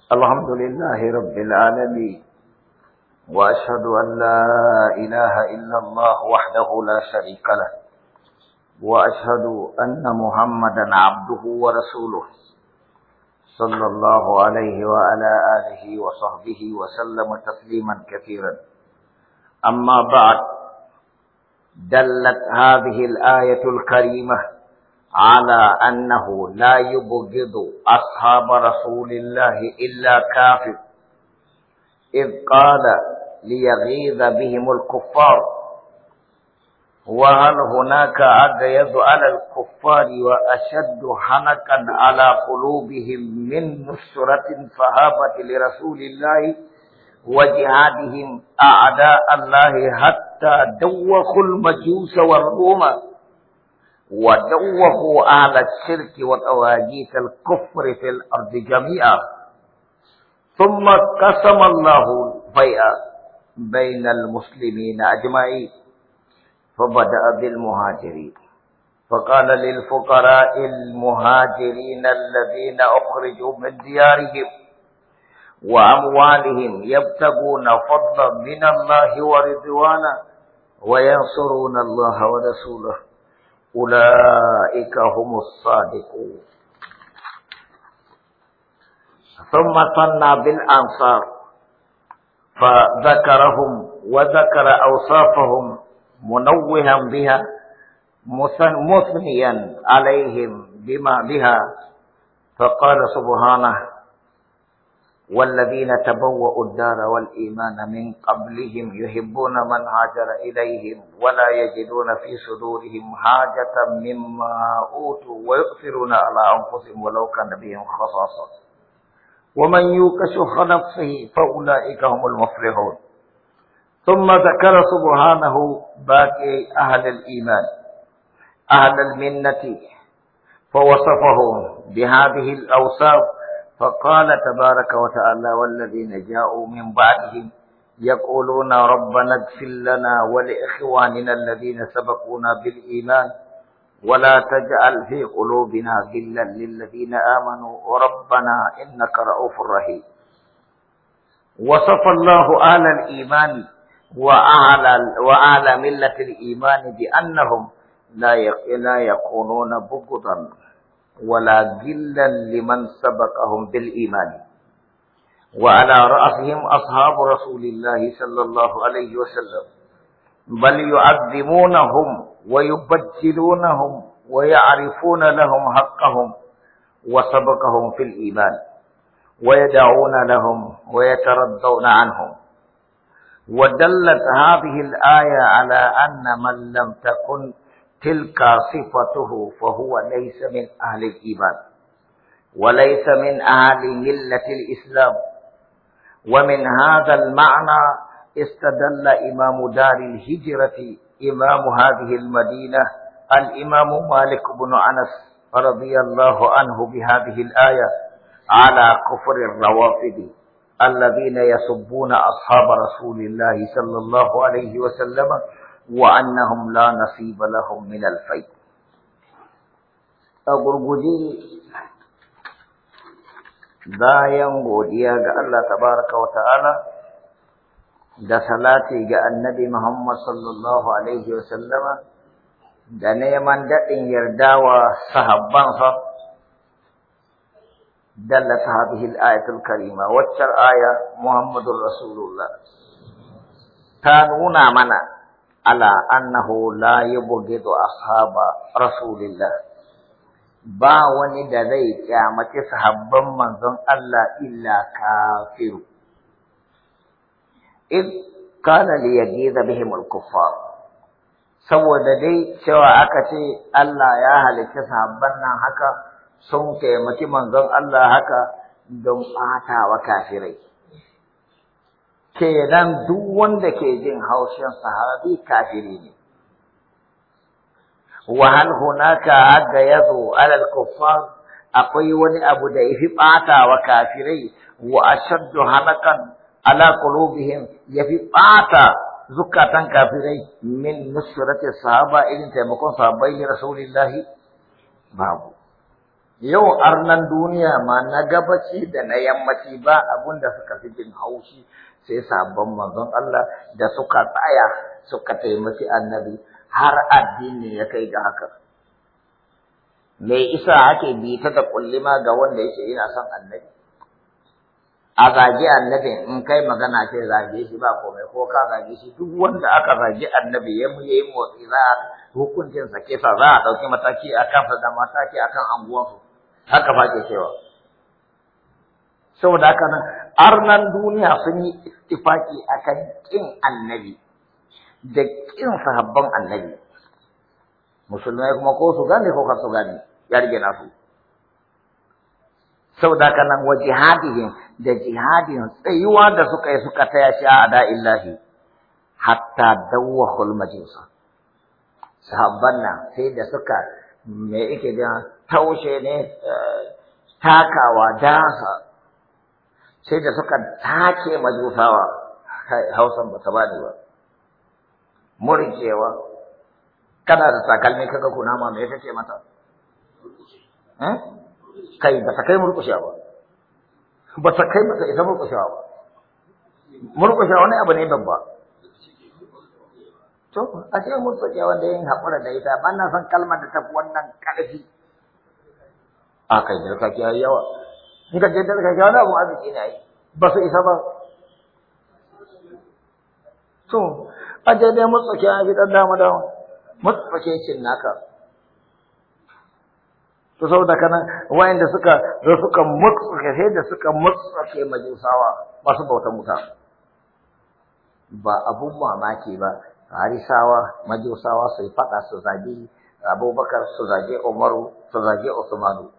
الحمد لله رب العالمين وأشهد أن لا إله إلا الله وحده لا شريك له وأشهد أن محمدا عبده ورسوله صلى الله عليه وعلى آله وصحبه وسلم تسليما كثيرا أما بعد دلت هذه الآية الكريمة على أنه لا يبغض أصحاب رسول الله إلا كافر إذ قال ليغيظ بهم الكفار وهل هناك اغيظ على الكفار وأشد حنكا على قلوبهم من نصرة فهابة لرسول الله وجهادهم أعداء الله حتى دوخوا المجوس والروم ودوخوا أهل الشرك وتواجيس الكفر في الأرض جميعا ثم قسم الله بيئا بين المسلمين أجمعين فبدأ بالمهاجرين فقال للفقراء المهاجرين الذين أخرجوا من ديارهم وأموالهم يبتغون فضلا من الله ورضوانا وينصرون الله ورسوله أولئك هم الصادقون ثم صنى بالأنصار فذكرهم وذكر أوصافهم منوها بها مثنيا عليهم بما بها فقال سبحانه والذين تبوأوا الدار والإيمان من قبلهم يحبون من هاجر إليهم ولا يجدون في صدورهم حاجة مما أوتوا ويؤثرون على أنفسهم ولو كان بهم خصاصة ومن يوق شح نفسه فأولئك هم المفلحون ثم ذكر سبحانه باقي أهل الإيمان أهل المنة فوصفهم بهذه الأوصاف فقال تبارك وتعالى والذين جاءوا من بعدهم يقولون ربنا اغفر لنا ولإخواننا الذين سبقونا بالإيمان ولا تجعل في قلوبنا غلا للذين آمنوا ربنا إنك رؤوف رحيم وصف الله أهل الإيمان وأهل, وأهل ملة الإيمان بأنهم لا يكونون بغضا ولا غلا لمن سبقهم بالإيمان وعلى رأسهم أصحاب رسول الله صلى الله عليه وسلم بل يعظمونهم ويبجلونهم ويعرفون لهم حقهم وسبقهم في الإيمان ويدعون لهم ويتردون عنهم ودلت هذه الآية على أن من لم تكن تلك صفته فهو ليس من أهل الإيمان وليس من أهل ملة الإسلام ومن هذا المعنى استدل إمام دار الهجرة إمام هذه المدينة الإمام مالك بن أنس رضي الله عنه بهذه الآية على كفر الروافد الذين يسبون أصحاب رسول الله صلى الله عليه وسلم وأنهم لا نصيب لهم من الفيء أقرقدي بايا godiya ga Allah تبارك وتعالى da salati ga annabi Muhammad sallallahu Alaihi wasallama da neman daɗin yarda wa sahabbansa dalla sahabihi al-ayatul karima waccar aya Muhammadur Rasulullah ta nuna mana ala annahu la yubghidu ashaba Rasulillah ba wani da zai kyamaci sahabban manzon Allah illa kafiru in kana ya yagiza bihim saboda dai cewa aka ce Allah ya halicci sahabban nan haka sun taimaki manzon Allah haka don ɓata wa kafirai kenan duk wanda ke jin haushin sahabi kafiri ne وهل هناك عد يدو على الكفار أقوي وني أبو دايف kafirai wa ashaddu هلكا ala qulubihim ya fi ɓata zukatan kafirai min nusrati sahaba irin taimakon sahabbai rasulillahi babu yau arnan duniya ma na gabaci da na yammaci ba abun da suka fi jin haushi sai sabon manzon Allah da suka tsaya suka taimaki annabi har addini ya kai ga haka. Me isa ake bi ta da kullima ga wanda yake yana son annabi? a zagi annabi in kai magana ce zage shi ba komai ko ka zage shi duk wanda aka zage annabi ya mu yayi motsi za a hukuncin sa ke sa za a dauki mataki a kansa da mataki akan su haka ba ke cewa saboda haka nan arnan duniya sun yi ittifaki akan kin annabi da kin sahabban annabi musulmai kuma ko su gane ko ka su gane ya rige nasu saboda haka nan wa jihadihim da jihadin tsayuwa da suka yi suka taya shi a da illahi hatta dawwahul majusa sahabban nan sai da suka me yake da taushe ne eh, takawa dasa sai da suka take majusawa hausan ba ta bani ba murjewa kana da takalmi kaga ma me kake mata eh kai ba ta kai murƙushewa ba ta kai ba ta isa murƙushewa ba murƙushewa ne abu ne babba to a ce murƙushewa da yin haƙura da ita ba na san kalmar da ta fi wannan ƙarfi a kai da ta kiyaye yawa in ka je da ka kiyaye wani abu arziki ne ai ba su isa ba to a je dai murƙushewa ya fi ɗan dama dama murƙushewa naka to saboda kana wayanda suka zo suka mutsuke sai da suka ke majusawa masu bautan muta ba abun mamaki ba harisawa majusawa su yi faɗa su zagi abubakar su zage umaru su usmanu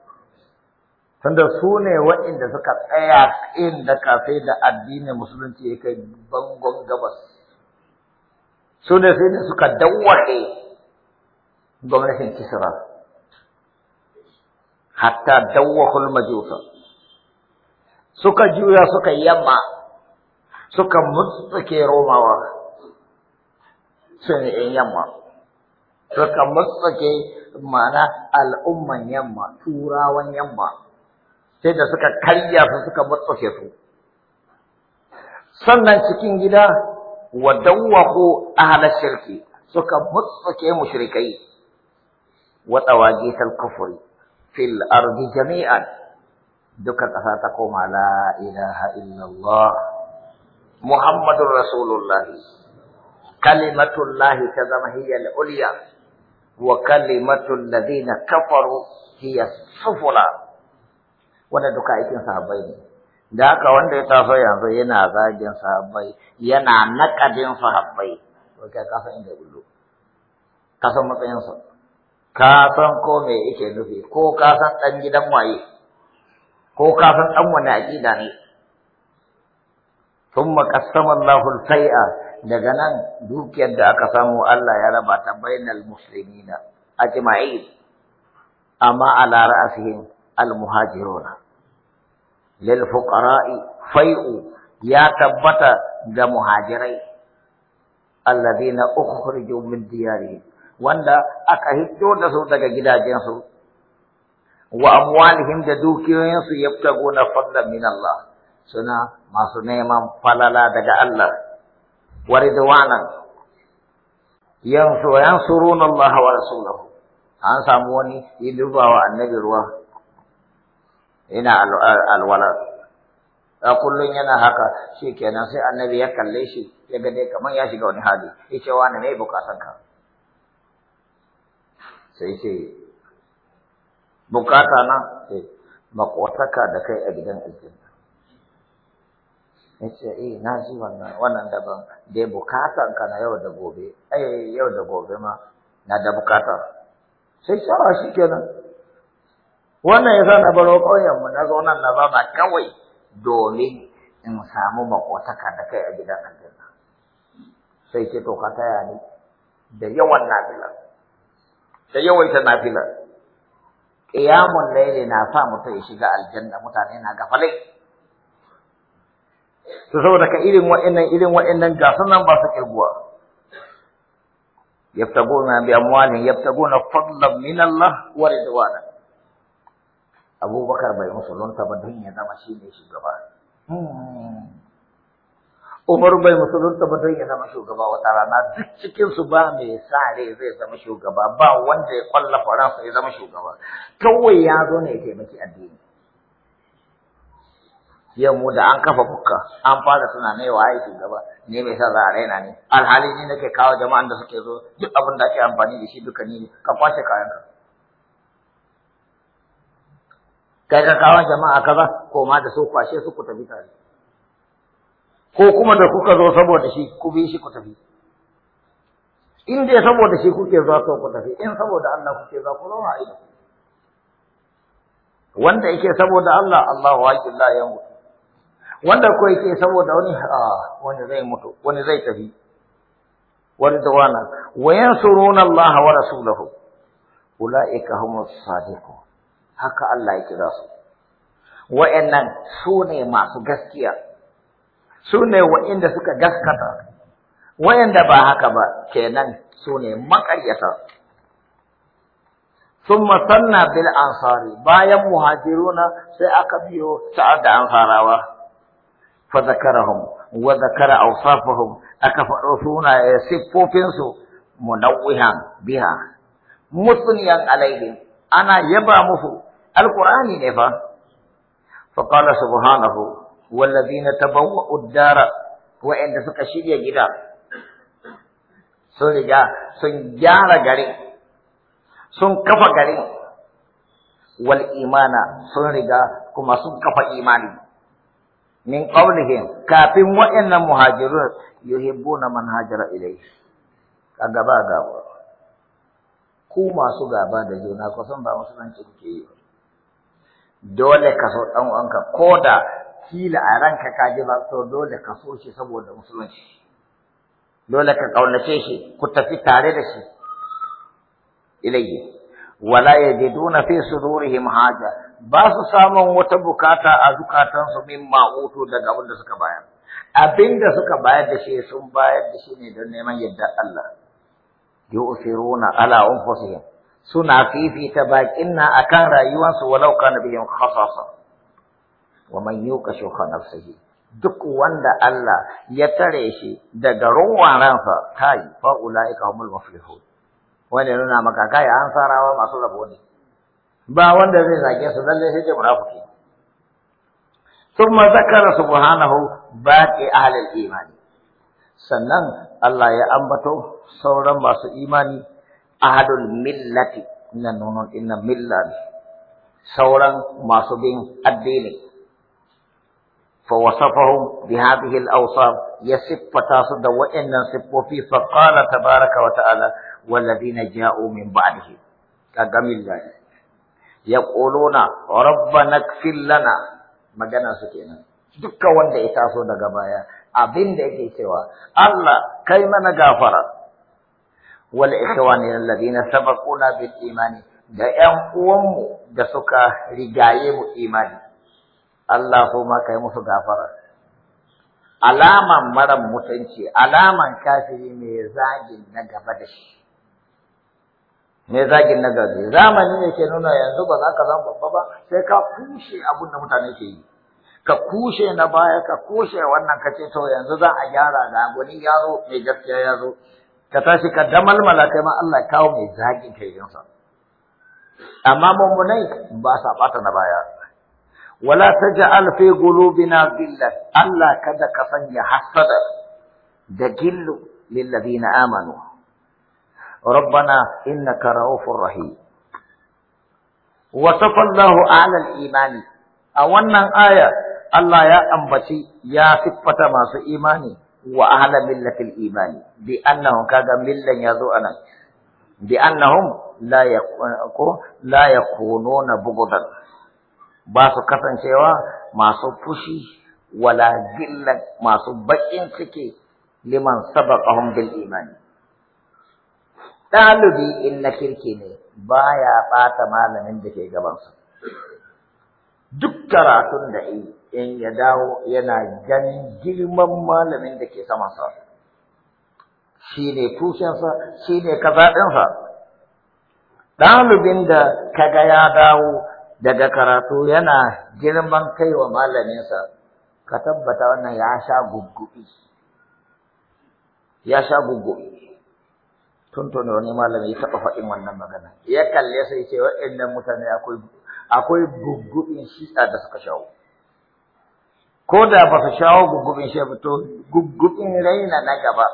tunda su ne waɗanda suka tsaya inda da da addinin musulunci ya kai bangon gabas su ne sai da suka dawwaɗe gwamnatin kisra hatta dawwahul majusa suka juya suka yamma suka mutsuke romawa sun yi yamma suka mutsuke mana al'umman yamma turawan yamma sai da suka karya su suka mutsuke su sannan cikin gida wa dawwahu ahla shirki suka mutsuke mushrikai wa tawajital kufri fil ardi jami'an duka ƙasa ta koma la ilaha illallah muhammadur rasulullah kalimatullahi ta zama hiya al-ulya wa kalimatul ladina kafaru hiya sufula wanda duka aikin sahabbai ne da haka wanda ya taso yanzu yana zagin sahabbai yana naƙadin sahabbai ka san inda gullo ka san matsayinsa ka san ko me yake nufi ko ka san ɗan gidan waye ko ka san ɗan wani aqida ne thumma qasama Allahu al-sayya daga nan dukiyar da aka samu Allah ya raba ta bainal muslimina ajma'i amma ala ra'sihim al muhajiruna lil fuqara'i fai'u ya tabbata ga muhajirai alladhina ukhriju min diyarihim wanda aka hito da su daga gidajensu wa amwalihim da dukiyoyinsu gona fadlan min Allah suna masu neman falala daga Allah wa ridwanan yansu yansuruna Allah wa rasulahu an samu wani ya wa annabi ruwa ina alwala a kullum yana haka shi kenan sai annabi ya kalle shi ya gane kamar ya shiga wani hali ya ce wani mai bukatan ka sai ce bukata na ce makwataka da kai a gidan aljanna yace eh na ji wannan wannan daban dai bukatan ka na yau da gobe ai yau da gobe ma na da bukata sai shawa ah, shikenan wannan yasa na baro ƙauyen mu na zo na ba kawai domin in samu makotaka da kai a gidan aljanna sai ce to ka taya ni da yawan nafilan da yawaita nafila qiyamul layli na sa mutum ya shiga aljanna mutane na gafalai to saboda ka irin wa'annan irin wa'annan gasan nan ba su kirguwa yabtaguna bi amwalin yabtaguna fadlan min Allah wa ridwana Abubakar bai musulunta ba don ya zama ne shugaba hmm. Umar bai musulunta ba don ya zama shugaba wata rana duk cikin su ba mai sa rai zai zama shugaba ba wanda ya kwallafa ransa ya zama shugaba kawai ya zo ne ya taimaki addini yammu da an kafa bukka an fara suna ne wa aikin gaba ne mai sa za a raina ne alhali ne nake kawo jama'an da suke zo duk abin da ake amfani da shi duka ni ka kwashe kayanka kai ka kawo jama'a kaza ko ma da su kwashe su ku tafi tare ko kuma da kuka zo saboda shi ku bi shi ku tafi in dai saboda shi kuke zuwa to ku tafi in saboda Allah kuke zuwa ku zauna aiki. wanda yake saboda Allah Allahu akbar la ya mutu wanda ko yake saboda wani wani zai mutu wani zai tafi wani tawana wa yansuruna Allah wa rasulahu ulaika humus sadiqun haka Allah ya kira su wa'annan su ne masu gaskiya su ne inda suka gaskata, wayanda ba haka ba kenan su ne maƙaryata. Sun masanna bil ansari bayan muhajiruna sai aka biyo sa’ad da an farawa, fa zakara wa zakara ausafa aka faɗo suna ya siffofinsu munawihan biha. Musuliyan alaihi ana yaba musu, alkurani ne fa, fa kala subhanahu wallazina tabawwa'u ad-dara wa'anda suka shirya gida sun riga sun gyara gari sun kafa gari wal imana sun riga kuma sun kafa imani min qawlihim kafin wa'annan muhajirun yuhibbuna man hajara ilayhi kaga ba gaba ku masu gaba da juna kusan ba musulunci ke yi dole ka so ɗan uwanka ko da kila a ranka ka ji ba dole ka so shi saboda musulunci dole ka kaunace shi ku tafi tare da shi ilayhi wala yajiduna fi sudurihim haja ba su samun wata bukata a zukatansu min ma'utu daga abin suka bayar Abinda suka bayar da shi sun bayar da shi ne don neman yadda Allah yu'siruna ala anfusihim suna fifita bakin na akan rayuwarsu walau kana bihim khasasa wa man yuqa shuha nafsihi duk wanda Allah ya tare shi daga ruwan ransa kai fa ulaika humul muflihun wanda nuna maka kai an sarawa masu rabo ne ba wanda zai zage su lalle sai dai munafiki thumma zakara subhanahu baqi ahlul imani sannan Allah ya ambato sauran masu imani ahadul millati na nunon inna millan sauran masu bin addini فوصفهم بهذه الأوصاف يصف فتاصد وإن صفوا في فقال تبارك وتعالى والذين جاءوا من بعده كقم الله يقولون ربنا اغفر لنا ما جانا سكينا دكا وندى إتاسو قبايا أبين دقي سوا الله كيما نغافر والإخوان الذين سبقونا بالإيمان دا ان قوم دا سكا rigaye mu Allah ka kai musu gafara alaman maran mutunci alaman kafiri mai zagin na gaba da shi mai zagin na gaba zamani ne ke nuna yanzu ba za ka zama babba ba sai ka kushe abun da mutane ke yi ka kushe na baya ka kushe wannan kace ce to yanzu za a gyara da gwani ya zo mai gaskiya ya zo ka tashi ka damalmala kai ma Allah kawo mai zagin kai yansa. amma mummunai ba sa bata na baya ولا تجعل في قلوبنا غلا ألا كذا كفن يحسد دجل للذين آمنوا ربنا إنك رؤوف رحيم وصف الله أعلى الإيمان أولا آية الله يا امبتي يا سفه ما في إيماني وأهل ملة الإيمان بأنهم كذا ملة انا بأنهم لا يكونون بغضا ba su kasancewa masu fushi wala gilla masu baƙin ciki liman saba sabaqahum bil imani ɗalibi in na kirki ne baya ɓata malamin da ke gabansa duk karatun da yi in ya dawo yana ganin girman malamin da ke samansa shi ne tushensa shi ne kazaɗinsa ɗalibin da kaga ya dawo daga karatu yana girman kai wa malaminsa ka tabbata wannan ya sha gugguɓi. ya sha gugguɓi. tuntun wani malami ya taɓa faɗin wannan magana ya kalle sai ce waɗannan mutane akwai akwai shi a da suka shawo ko da ba su shawo guggubin shi ba to guggubin raina na gaba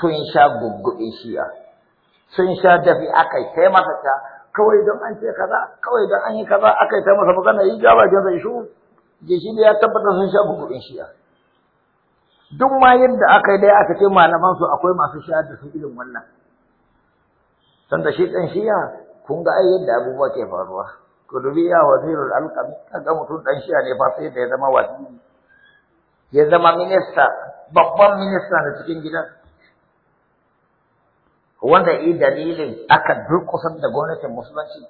sun sha shi shi'a sun sha dafi aka yi taimaka ta kawai don an ce kaza kawai don an yi kaza aka yi ta masa magana yi ja bakin zai shu je shi ne ya tabbata sun sha bukurin shiya duk ma yadda aka yi dai aka ce malaman su akwai masu sha da su irin wannan da shi dan shiya kun ga ai yadda abubuwa ke faruwa ku dubi ya wazirul alqami ga mutum dan shiya ne fa sai da ya zama waziri ya zama minista babban minista na cikin gidan wanda yi dalilin aka durkusar da gwamnatin musulunci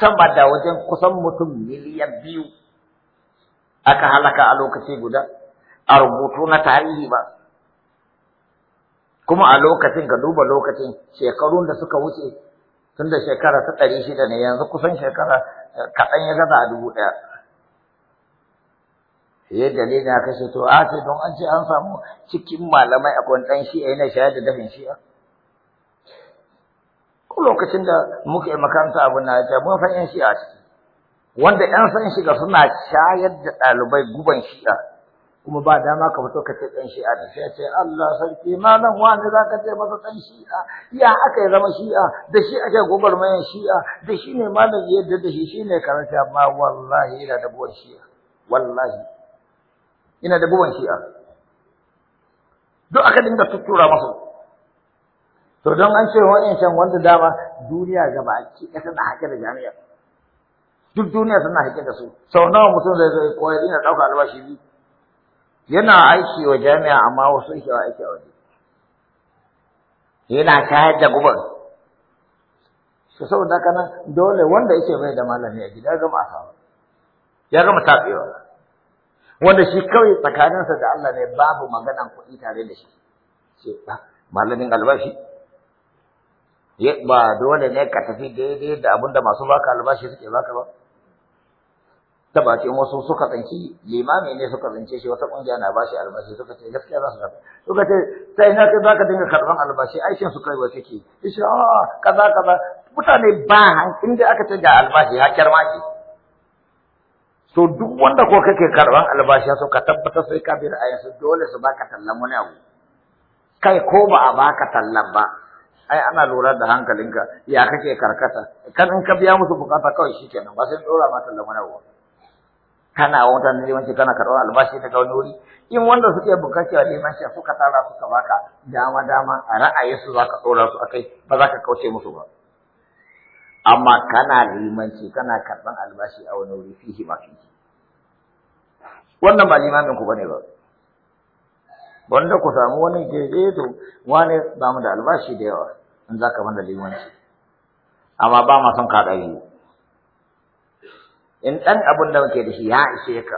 sama da wajen kusan mutum miliyan biyu aka halaka a lokaci guda a rubutu na tarihi ba kuma a lokacin ga duba lokacin shekarun da suka wuce tun da shekara ta ɗari shida ne yanzu kusan shekara eh, kaɗan ya gaza a dubu ɗaya Ya dalilin aka ce to a ce don an ce an samu cikin malamai akwai ɗan shi'a yana shayar da dafin shi'a lokacin da muke makaranta abu na ya mun san yan shi'a ciki wanda yan san shiga suna shayar da ɗalibai guban shi'a kuma ba dama ka fito ka ce ɗan shi'a da sai ce Allah sarki malam wani za ka ce masa ɗan shi'a ya aka yi zama shi'a da shi ake gwagwarmayan shi'a da shi ne malam yadda da shi shi ne karanta amma wallahi yana da buwan shi'a wallahi ina da buwan shi'a duk aka dinga tuttura masa to don an ce shan wanda dama duniya gaba baki kasa na hake da jami'a duk duniya tana hake da su sau nawa mutum zai zai koyar dina ɗauka albashi biyu yana aiki wa jami'a amma wasu shi aiki a waje yana shayar da gubar su sau da kana dole wanda yake bai da malami a gida gama asawa ya gama taɓewa wanda shi kawai tsakaninsa da Allah ne babu maganan kuɗi tare da shi Sai ba ah, malamin albashi ba dole ne ka tafi daidai da abinda masu baka albashi suke baka ba ta bakin wasu suka tsanci limami ne suka tsince shi wata kungiya na bashi albashi suka ce gaskiya za su rabu suka ce sai na kai zaka dinga karban albashi aikin su kai wace ke shi a ah, kaza kaza mutane ba hankin da aka ce ga albashi kyar maki so duk wanda ko kake karban albashi so ka tabbatar sai ka bi ra'ayin su dole su baka tallan wani abu kai ko ba a baka tallan ba ai ana lura da hankalinka ya kake karkata kan in ka biya musu bukata kawai shikenan ba sai dora mata lamunarwa kana wata limanci kana karɓar albashi daga wani wuri in wanda suke bukaci a suka tara suka baka dama dama a ra'ayinsu za ka ɗora su akai ba za ka kauce musu ba amma kana limanci kana karɓar albashi a wani wuri fihi ma fihi wannan ba limamin ku bane ba wanda ku samu wani ke eh to wani ba mu da albashi da yawa in za ka mana limanci amma ba ma son kaɗa in ɗan abin da muke da shi ya ishe ka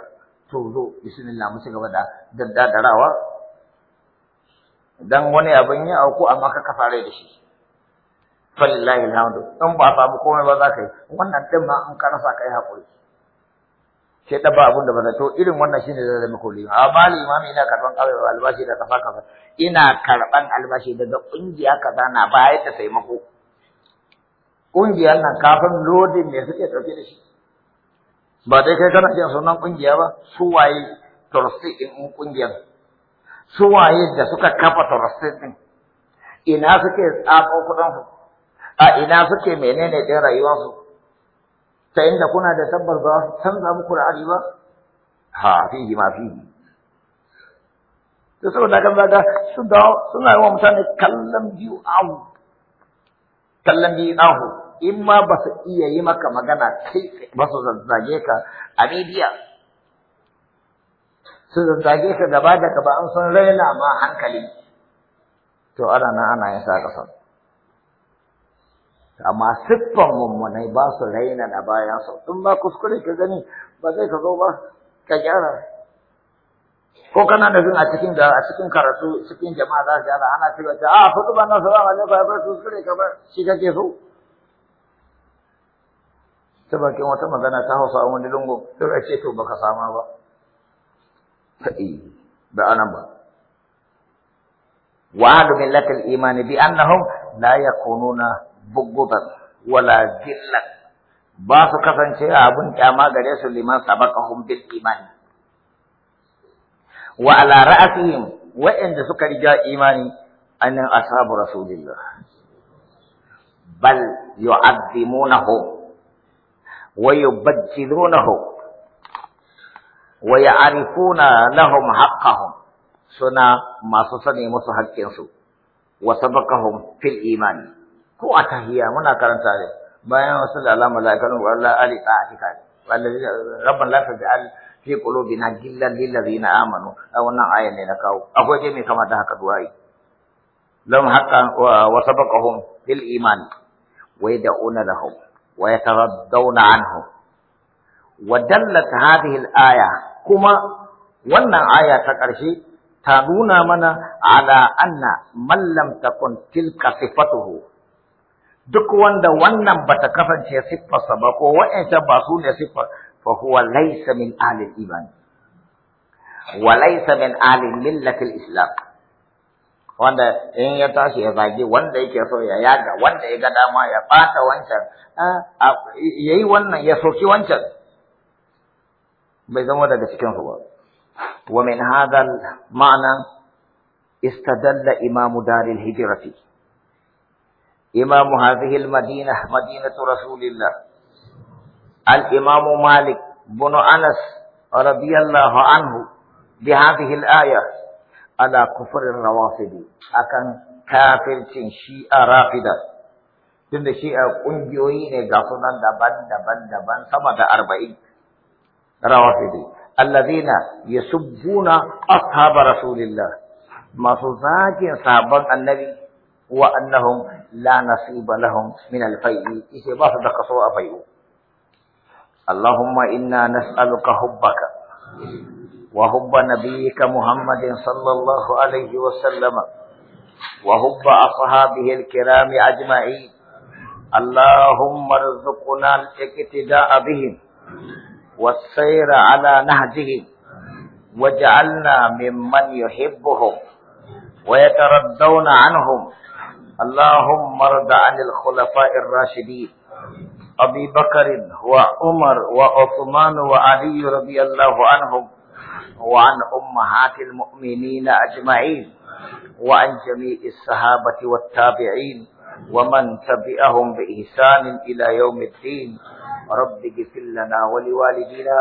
to zo bismillah mu ci gaba da daddadarawa dan wani abin ya auku amma ka kafare da shi falillahi alhamdu in ba samu komai ba za ka yi wannan din ma an karasa kai haƙuri sai ɗaba abin da ba zato irin wannan shine zai zama koli amma limami ina karɓan albashi da kafa kafa ina karɓan albashi daga ƙungiya kaza na bayar da taimako ƙungiyar nan kafin lodin ne suke ɗauke da shi ba dai kai kana jin sunan ƙungiya ba su waye trustee in ƙungiyar su waye da suka kafa trustee din ina suke tsafo kuɗinsu a ina suke menene ɗin rayuwarsu ta inda kuna da tabbas ba san za muku ba ha fihi ma fihi to saboda kan zaga su da suna yi wa mutane kallon biyu a'u, kallon biyu in ma ba su iya yi maka magana kai ba su zazzage ka a media su zazzage ka gaba da ka ba an san raina ma hankali to ana nan ana yin sa kasar amma siffan mummunai ba su raina da bayan sau in ba kuskure ka gani ba zai ka zo ba ka gyara ko kana da a cikin da a cikin karatu cikin jama'a za su gyara ana cewa ta a ah, fudu ba na salamu ne ya bar kuskure ka ba shi kake so ta bakin wata magana ta hausa a wani lungu to a ce to baka sama ba fa'i ba anan ba wa hadu millatil imani bi annahum la yakununa bugudan wala jillan ba su kasance abun kyama gare su liman sabaqahum bil imani wa ala ra'asihim wa'anda suka riga imani annan ashabu rasulillah bal yu'azzimunahu wa yubajjilunahu wa ya'rifuna lahum haqqahum suna masu sani musu haƙƙinsu wa sabaqahum fil imani ko a tahiyya muna karanta ne bayan wasu da malaikan la ali ta ali ta'atika wallahi rabban la taj'al fi qulubina gillan lil ladina amanu a wannan ayan ne na kawo akwai dai mai kama da haka du'ai lam haqqan wa sabaqahum bil iman wa yad'una lahum wa yataraddawna anhu wa dallat hadhihi al aya kuma wannan aya ta karshe ta nuna mana ala anna man lam takun tilka sifatuhu duk wanda wannan bata kasance siffarsa ba ko wa'ancan ba su ne siffar fa huwa laysa min ahli iman wa laysa min ahli millatil islam wanda in ya tashi ya zagi wanda yake so ya yaga wanda ya ga dama ya bata wancan yayi wannan ya soki wancan bai zama daga cikin su ba wa min hadha ma'ana استدل إمام دار الهجرة إمام هذه المدينة مدينة رسول الله الإمام مالك بن أنس رضي الله عنه بهذه الآية على كفر الروافد أكن كافر شيئا رافدة tunda shi a ƙungiyoyi ne ga sunan daban-daban-daban sama da arba'in rawafidi allazina yasubbuna ashab rasulillah masu zagin sabon annabi وأنهم لا نصيب لهم من الفيء إذا ما صدق فيء اللهم إنا نسألك حبك وحب نبيك محمد صلى الله عليه وسلم وحب أصحابه الكرام أجمعين اللهم ارزقنا الاقتداء بهم والسير على نهجهم واجعلنا ممن يحبهم ويتردون عنهم اللهم ارض عن الخلفاء الراشدين أبي بكر وعمر وعثمان وعلي رضي الله عنهم وعن أمهات المؤمنين أجمعين وعن جميع الصحابة والتابعين ومن تبعهم بإحسان إلى يوم الدين رب اغفر لنا ولوالدينا